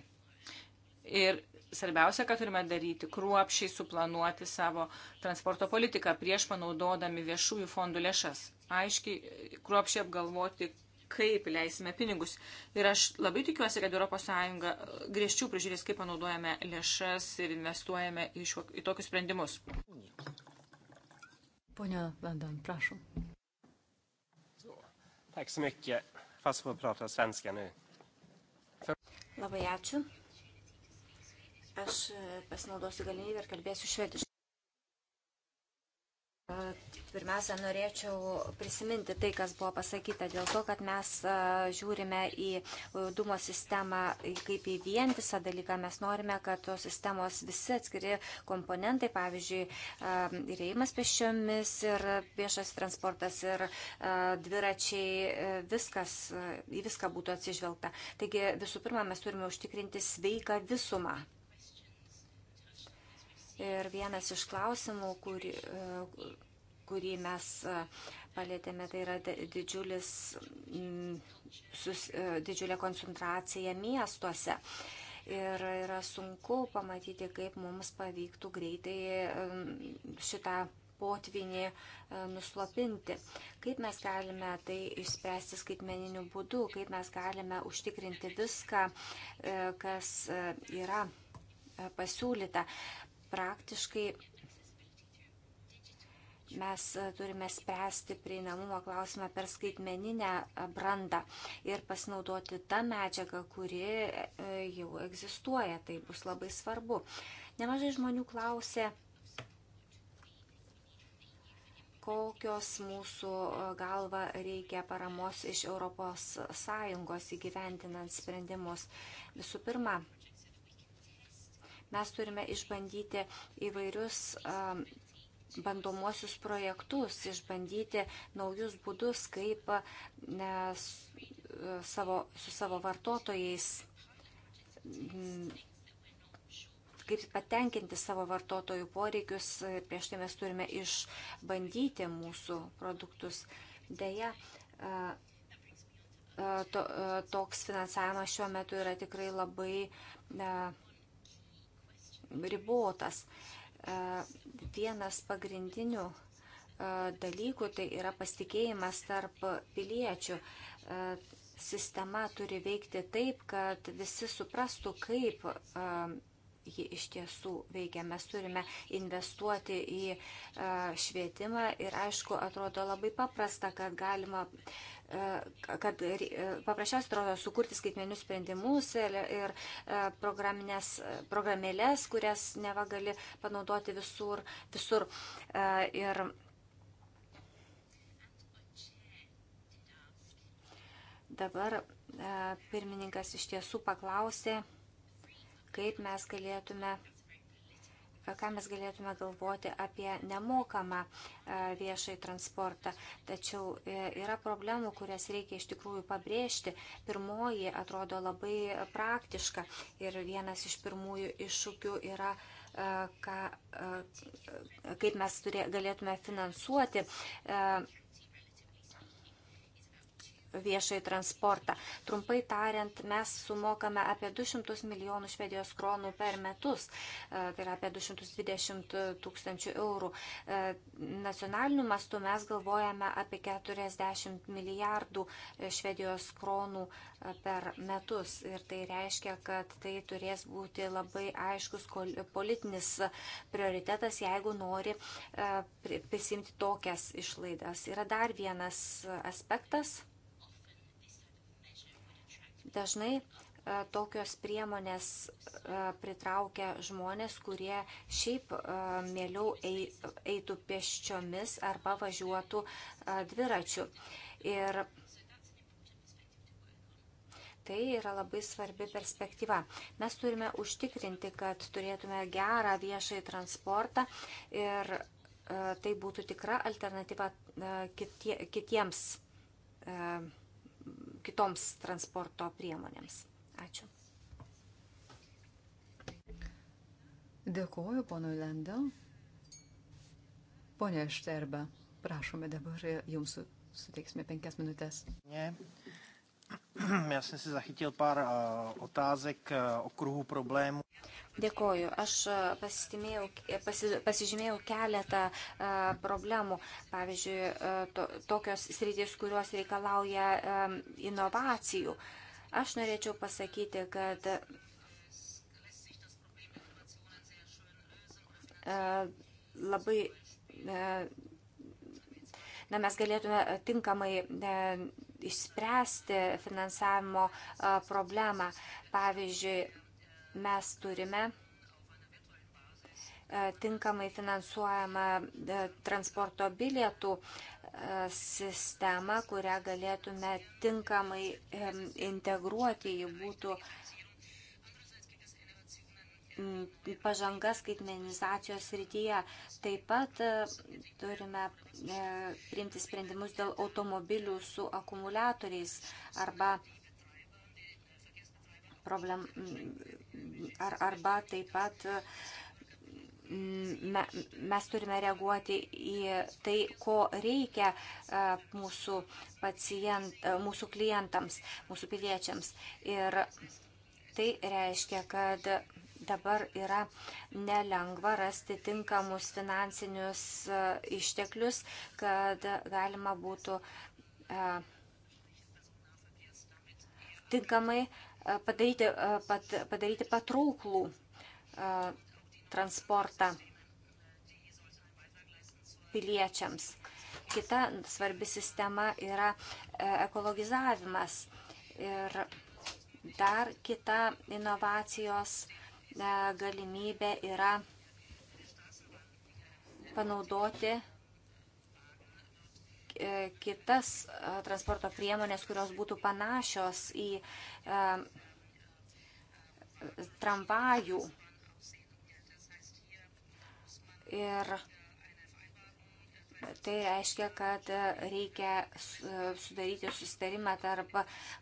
Ir svarbiausia, ką turime daryti, kruopšiai suplanuoti savo transporto politiką prieš panaudodami viešųjų fondų lėšas. Aiškiai, kruopšiai apgalvoti, kaip leisime pinigus. Ir aš labai tikiuosi, kad ES e, griežčiau prižiūrės, kaip panaudojame lėšas ir investuojame į, šiuo, į tokius sprendimus. Pone Vandan, prašom. Tack så mycket. Fast får prata svenska nu. För... Labai ačiū. Aš e, pasinaudosiu galimybę ir kalbėsiu švediškai. Pirmiausia, norėčiau prisiminti tai, kas buvo pasakyta dėl to, kad mes žiūrime į dumo sistemą kaip į vientisą dalyką. Mes norime, kad tos sistemos visi atskiri komponentai, pavyzdžiui, įreimas pešiomis ir viešas transportas ir dviračiai, e, viskas, į viską būtų atsižvelgta. Taigi, visų pirma, mes turime užtikrinti sveiką visumą. Ir vienas iš klausimų, kurį, kurį mes e, palėtėme, tai yra didžiulis, mm, sus, e, didžiulė koncentracija miestuose. Ir yra sunku pamatyti, kaip mums pavyktų greitai e, šitą potvinį nuslopinti. Kaip mes galime tai išspręsti skaitmeniniu būdu, kaip mes galime užtikrinti viską, kas yra pasiūlyta praktiškai mes e, turime spręsti prieinamumo klausimą per skaitmeninę e, brandą ir pasinaudoti tą medžiagą, kuri e, jau egzistuoja. Tai bus labai svarbu. Nemažai žmonių klausė, kokios mūsų galva reikia paramos iš ES įgyvendinant sprendimus. Visų pirma, Mes turime išbandyti įvairius bandomuosius projektus, išbandyti naujus būdus, kaip e, savo, su savo vartotojais kaip patenkinti savo vartotojų poreikius. Prieš tai mes turime išbandyti mūsų produktus. Deja, to, toks finansavimas šiuo metu yra tikrai labai ribotas. E, vienas pagrindinių e, dalykų tai yra pasitikėjimas tarp piliečių. E, sistema turi veikti taip, kad visi suprastų, kaip ji iš tiesų veikia. Mes turime investuoti į švietimą ir aišku, atrodo labai paprasta, kad galima uh, E, kad e, paprasčiausiai atrodo sukurti skaitmenius sprendimus ir, ir e, programėlės, kurias neva gali panaudoti visur. visur. Ir dabar pirmininkas iš tiesų paklausė, kaip mes galėtume ką mes galėtume galvoti apie nemokamą e, viešai transportą. Tačiau e, yra problemų, kurias reikia iš tikrųjų pabrėžti. Pirmoji atrodo labai praktiška ir vienas iš pirmųjų iššūkių yra e, ką, kaip mes turė, galėtume finansuoti viešai transportą. Trumpai tariant, mes sumokame apie 200 milijonų švedijos kronų per metus, e, tai yra apie 220 tūkstančių eurų. E, nacionaliniu mastu mes galvojame apie 40 milijardų e, švedijos kronų per metus ir tai reiškia, kad tai turės būti labai aiškus politinis prioritetas, jeigu nori prisimti tokias išlaidas. Yra dar vienas aspektas Dažnai e, tokios priemonės e, pritraukia žmonės, kurie šiaip e, mieliau eitų pėsčiomis arba važiuotų dviračiu. Ir Tai yra labai svarbi perspektyva. Mes turime užtikrinti, kad turėtume gerą viešai transportą ir e, tai būtų tikra alternatyva e, kitie, kitiems e, kitoms transporto priemonėms. Ačiū. Dėkuoju, ponui Lendel. Pone Šterba, prašome dabar e, jums suteiksime penkias minutės. Ne. Já jsem si zachytil pár uh, otázek uh, okruhu problémů. Dėkoju. Aš e, e, pasi, pasižymėjau keletą a, e, problemų. Pavyzdžiui, a, to, tokios sritis, kurios reikalauja a, inovacijų. Aš norėčiau pasakyti, kad labai. Na, mes galėtume tinkamai išspręsti finansavimo problemą. Pavyzdžiui, mes turime e, tinkamai finansuojamą e, transporto bilietų e, sistemą, kurią galėtume tinkamai integruoti, ji būtų pažanga skaitmenizacijos srityje. Taip pat turime priimti sprendimus dėl automobilių su akumuliatoriais arba problem, ar, arba taip pat me, mes turime reaguoti į tai, ko reikia e, mūsų, pacient, e, mūsų klientams, mūsų piliečiams. Ir tai reiškia, kad dabar yra nelengva rasti tinkamus finansinius e, išteklius, kad galima būtų tinkamai uh, padaryti, padaryti patrauklų transportą piliečiams. Kita svarbi sistema yra e, ekologizavimas ir dar kita inovacijos e, galimybė yra panaudoti E, kitas e, transporto priemonės, kurios būtų panašios į e, tramvajų. Ir Tai reiškia, kad reikia sudaryti susitarimą tarp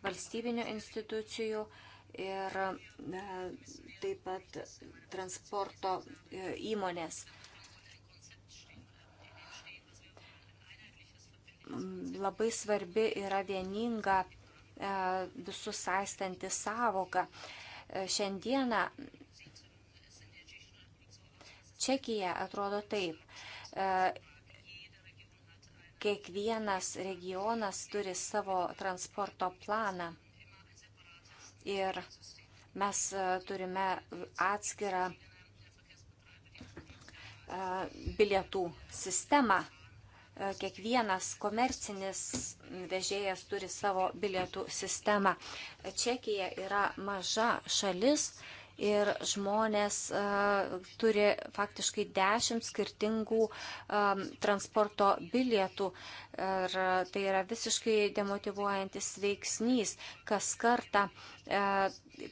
valstybinių institucijų ir taip pat transporto įmonės. labai svarbi yra vieninga e, visus saistanti savoka. E, šiandieną Čekija atrodo taip. E, kiekvienas regionas turi savo transporto planą ir mes turime atskirą bilietų sistemą E, kiekvienas komercinis vežėjas turi savo bilietų sistemą. Čekija yra maža šalis ir žmonės e, turi faktiškai dešimt skirtingų e, transporto bilietų ir tai yra visiškai demotivuojantis veiksnys. Kas kartą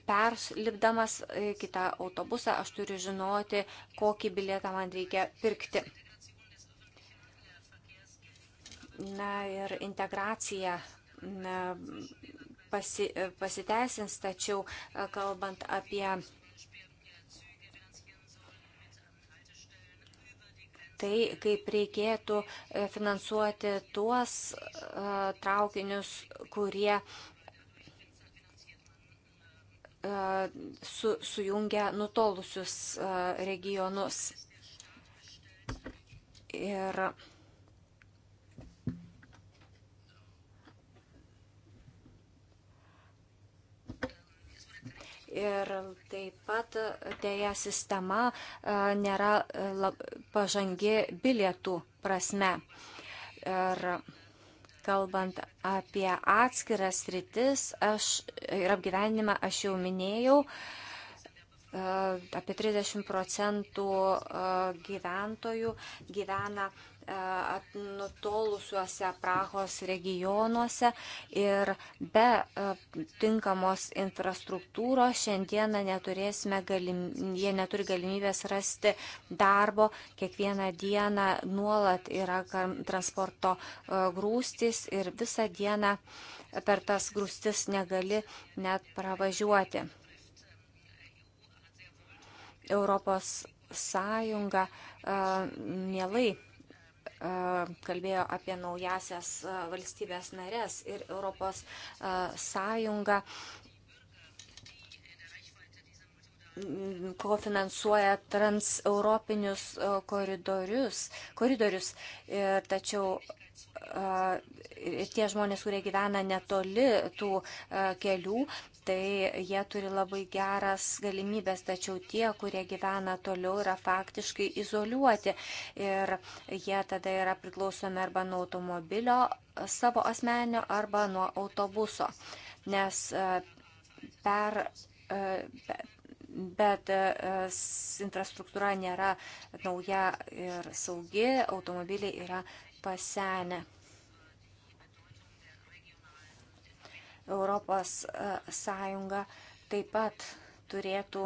perlipdamas kitą autobusą aš turiu žinoti, kokį bilietą man reikia pirkti na ir integracija na, pasi, pasiteisins, tačiau e, kalbant apie tai, kaip reikėtų e, finansuoti tuos uh, traukinius, kurie uh, su, sujungia nutolusius uh, regionus. Ir uh, Ir taip pat dėja sistema e, nėra e, pažangi bilietų prasme. Ir kalbant apie atskiras rytis aš, ir apgyvenimą, aš jau minėjau, e, apie 30 procentų gyventojų gyvena E, nutolusiuose Prahos regionuose ir be e, tinkamos infrastruktūros šiandieną neturėsime galim, jie neturi galimybės rasti darbo. Kiekvieną dieną nuolat yra transporto e, grūstis ir visą dieną per tas grūstis negali net pravažiuoti. Europos sąjunga mielai kalbėjo apie naujasias valstybės narės ir Europos Sąjunga kofinansuoja transeuropinius koridorius, koridorius. Ir tačiau tie žmonės, kurie gyvena netoli tų kelių, tai jie turi labai geras galimybės, tačiau tie, kurie gyvena toliau, yra faktiškai izoliuoti ir jie tada yra priklausomi arba nuo automobilio savo asmenio arba nuo autobuso, nes e, per e, bet e, infrastruktūra nėra nauja ir saugi, automobiliai yra pasenę. Europos e, Sąjunga taip pat turėtų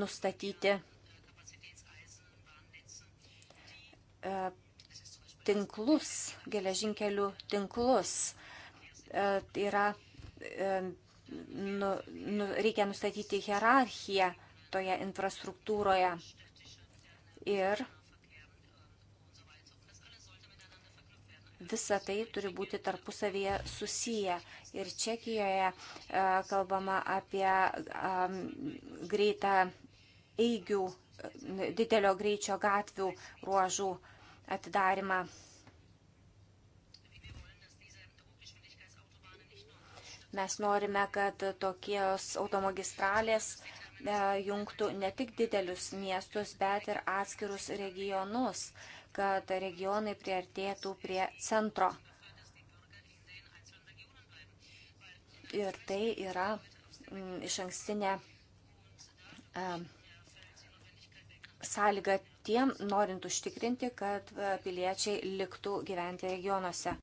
nustatyti e, tinklus, geležinkelių tinklus. E, tai yra, nu, nu, reikia nustatyti hierarchiją toje infrastruktūroje ir visa tai turi būti tarpusavėje susiję. Ir Čekijoje e, kalbama apie greitą eigių, e, didelio greičio gatvių ruožų atidarimą. Mes norime, kad tokios automagistralės e, jungtų ne tik didelius miestus, bet ir atskirus regionus kad regionai priartėtų prie centro. Ir tai yra m, mm, iš ankstinė m, e, sąlyga tiem, norint užtikrinti, kad e, piliečiai liktų gyventi regionuose.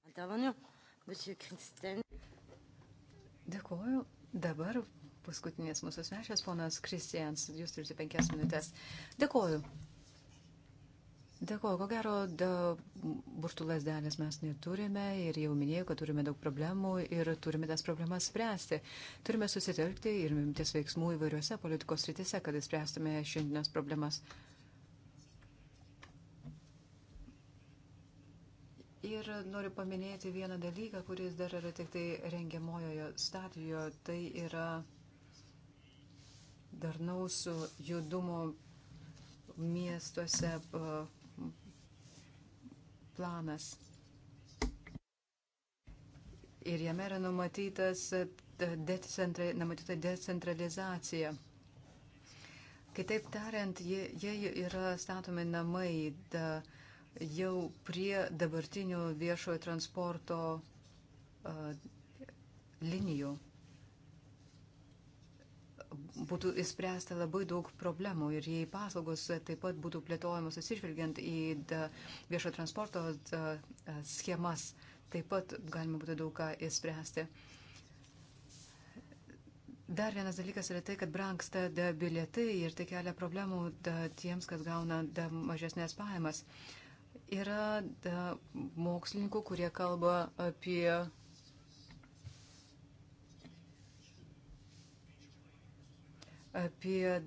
Dėkuoju. Dabar paskutinis mūsų svečias, ponas Kristians, jūs turite penkias minutės. Dėkuoju. Dėkuoju, ko gero, burtų lasdelės mes neturime ir jau minėjau, kad turime daug problemų ir turime tas problemas spręsti. Turime susitelkti ir imtis veiksmų įvairiuose politikos rytise, kad spręstume šiandienos problemas. Ir noriu paminėti vieną dalyką, kuris dar yra tik tai rengiamojoje stadijoje. Tai yra darnaus judumo miestuose. Uh, planas. Ir jame yra numatytas e, decentra, numatyta decentralizacija. Kitaip tariant, jie, jie yra statomi namai da, jau prie dabartinių viešojo transporto uh, linijų būtų įspręsta labai daug problemų ir jei paslaugos taip pat būtų plėtojamos atsižvelgiant į viešo transporto schemas, taip pat galima būtų daug ką įspręsti. Dar vienas dalykas yra tai, kad branksta bilietai ir tai kelia problemų da, tiems, kas gauna da, mažesnės pajamas. Yra da, mokslininkų, kurie kalba apie apie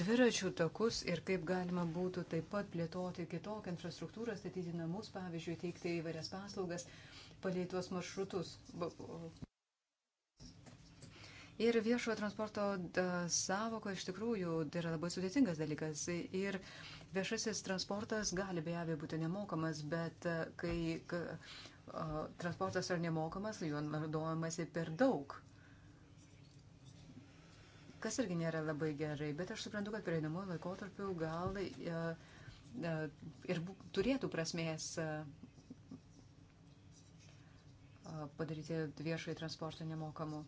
dviračių takus ir kaip galima būtų taip pat plėtoti kitokią infrastruktūrą, statyti namus, pavyzdžiui, teikti įvairias paslaugas palei tuos maršrutus. Ir viešojo transporto savoka iš tikrųjų yra labai sudėtingas dalykas. Ir viešasis transportas gali be abejo būti nemokamas, bet kai transportas yra nemokamas, juo naudojamasi per daug kas irgi nėra labai gerai, bet aš suprantu, kad prieinamuoju laikotarpiu gal e, e, ir turėtų prasmės e, padaryti viešai transportą nemokamu.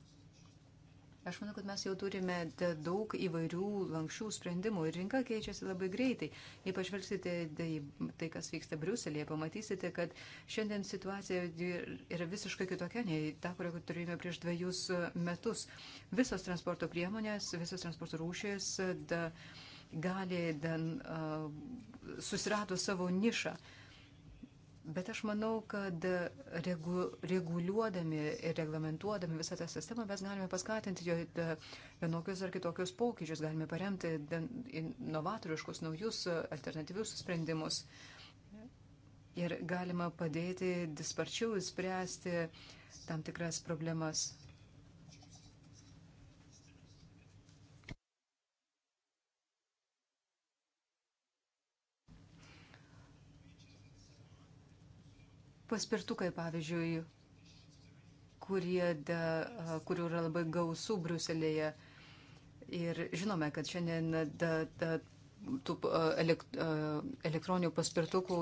Aš manau, kad mes jau turime e, daug įvairių lankščių sprendimų ir rinka keičiasi labai greitai. Jei pažvelgsite į tai, kas vyksta Briuselėje, pamatysite, kad šiandien situacija yra visiškai kitokia nei ta, kurią turėjome prieš dviejus e, metus. Visos transporto priemonės, visos transporto rūšės e, da, gali da, susirado savo nišą. Uh, Bet aš manau, kad regu, reguliuodami ir reglamentuodami visą tą sistemą mes galime paskatinti jo e, vienokius ar kitokius pokyčius, galime paremti inovatoriškus, naujus, e, alternatyvius sprendimus ir galima padėti disparčiau įspręsti tam tikras problemas. Paspirtukai, pavyzdžiui, kurie da, kurių yra labai gausų Bruselėje. Ir žinome, kad šiandien da, da, tų elekt, elektroninių paspirtukų,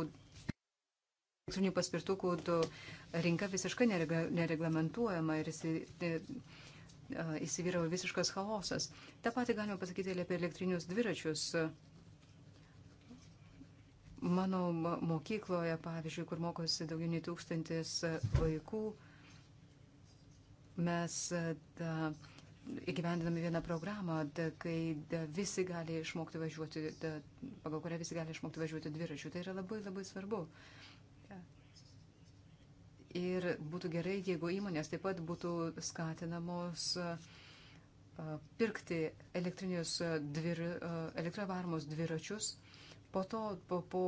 elektroninių paspirtukų tų, rinka visiškai neregla, nereglamentuojama ir jis, e, įsivyravo visiškas chaosas. Ta pati galima pasakyti ir apie elektrinius dviračius. Mano mokykloje, pavyzdžiui, kur mokosi daugiau nei tūkstantis e, vaikų, mes e, da, įgyvendinami vieną programą, da, kai da, visi gali išmokti važiuoti, da, pagal kurią visi gali išmokti važiuoti dviračiu. Tai yra labai labai svarbu. Ir būtų gerai, jeigu įmonės taip pat būtų skatinamos e, pirkti elektrinius dvir, elektravarmus dviračius Po to, po, po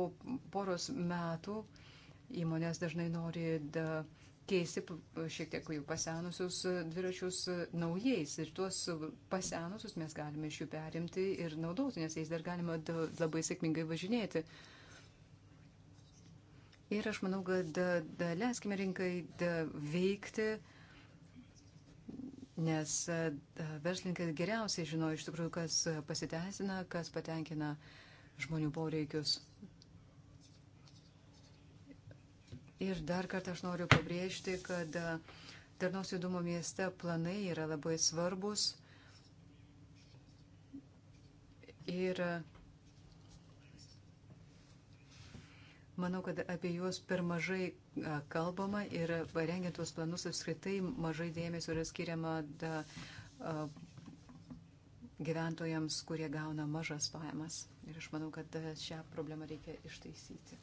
poros metų, įmonės dažnai nori da, keisti šiek tiek jau pasenusius dviračius naujais. Ir tuos pasenusius mes galime iš jų perimti ir naudoti, nes jais dar galima da, labai sėkmingai važinėti. Ir aš manau, kad da, da, leiskime rinkai da, veikti. Nes verslininkai geriausiai žino iš tikrųjų, kas pasiteisina, kas patenkina uh, žmonių poreikius. Ir dar kartą aš noriu pabrėžti, kad darnaus e, judumo mieste planai yra labai svarbus. Ir e, manau, kad apie juos per mažai e, kalbama ir rengiant tuos planus apskritai mažai dėmesio yra skiriama da, gyventojams, kurie gauna mažas pajamas. Ir aš manau, kad šią problemą reikia ištaisyti.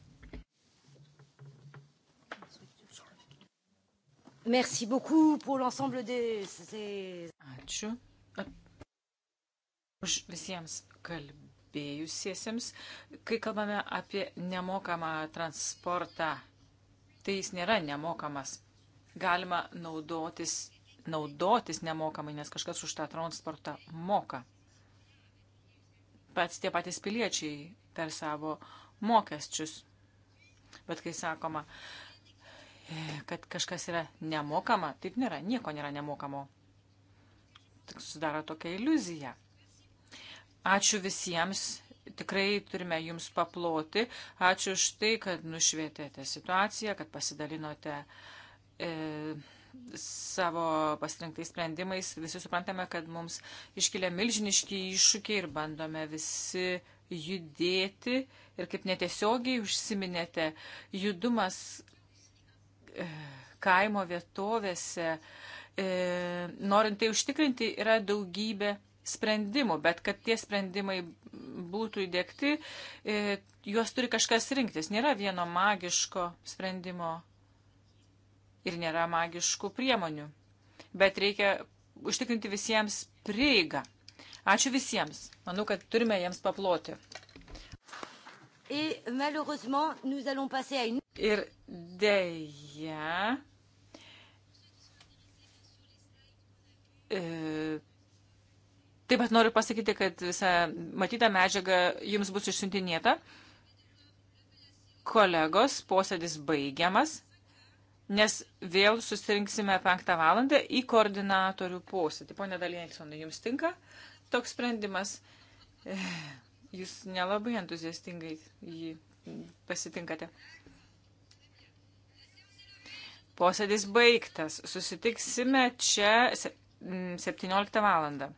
Merci beaucoup pour l'ensemble des. Ačiū už visiems kalbėjusiesiems. Kai kalbame apie nemokamą transportą, tai jis nėra nemokamas. Galima naudotis naudotis nemokamai, nes kažkas už tą transportą moka. Pats tie patys piliečiai per savo mokesčius. Bet kai sakoma, e, kad kažkas yra nemokama, taip nėra, nieko nėra nemokamo. Tik susidaro tokia iliuzija. Ačiū visiems, tikrai turime jums paploti. Ačiū už tai, kad nušvietėte situaciją, kad pasidalinote. E, savo pasirinktais sprendimais. Visi suprantame, kad mums iškilia milžiniški iššūkiai ir bandome visi judėti. Ir kaip netiesiogiai užsiminėte, judumas e, kaimo vietovėse, e, norint tai užtikrinti, yra daugybė sprendimų, bet kad tie sprendimai būtų įdėkti, e, juos turi kažkas rinktis. Nėra vieno magiško sprendimo ir nėra magiškų priemonių. Bet reikia užtikrinti visiems prieigą. Ačiū visiems. Manau, kad turime jiems paploti. Ir dėja. E, taip pat noriu pasakyti, kad visa matyta medžiaga jums bus išsiuntinėta. Kolegos, posėdis baigiamas nes vėl susirinksime penktą valandą į koordinatorių posėdį. Pone Dalielsonai, jums tinka toks sprendimas? Eh, jūs nelabai entuziastingai jį pasitinkate. Posėdis baigtas. Susitiksime čia 17 valandą.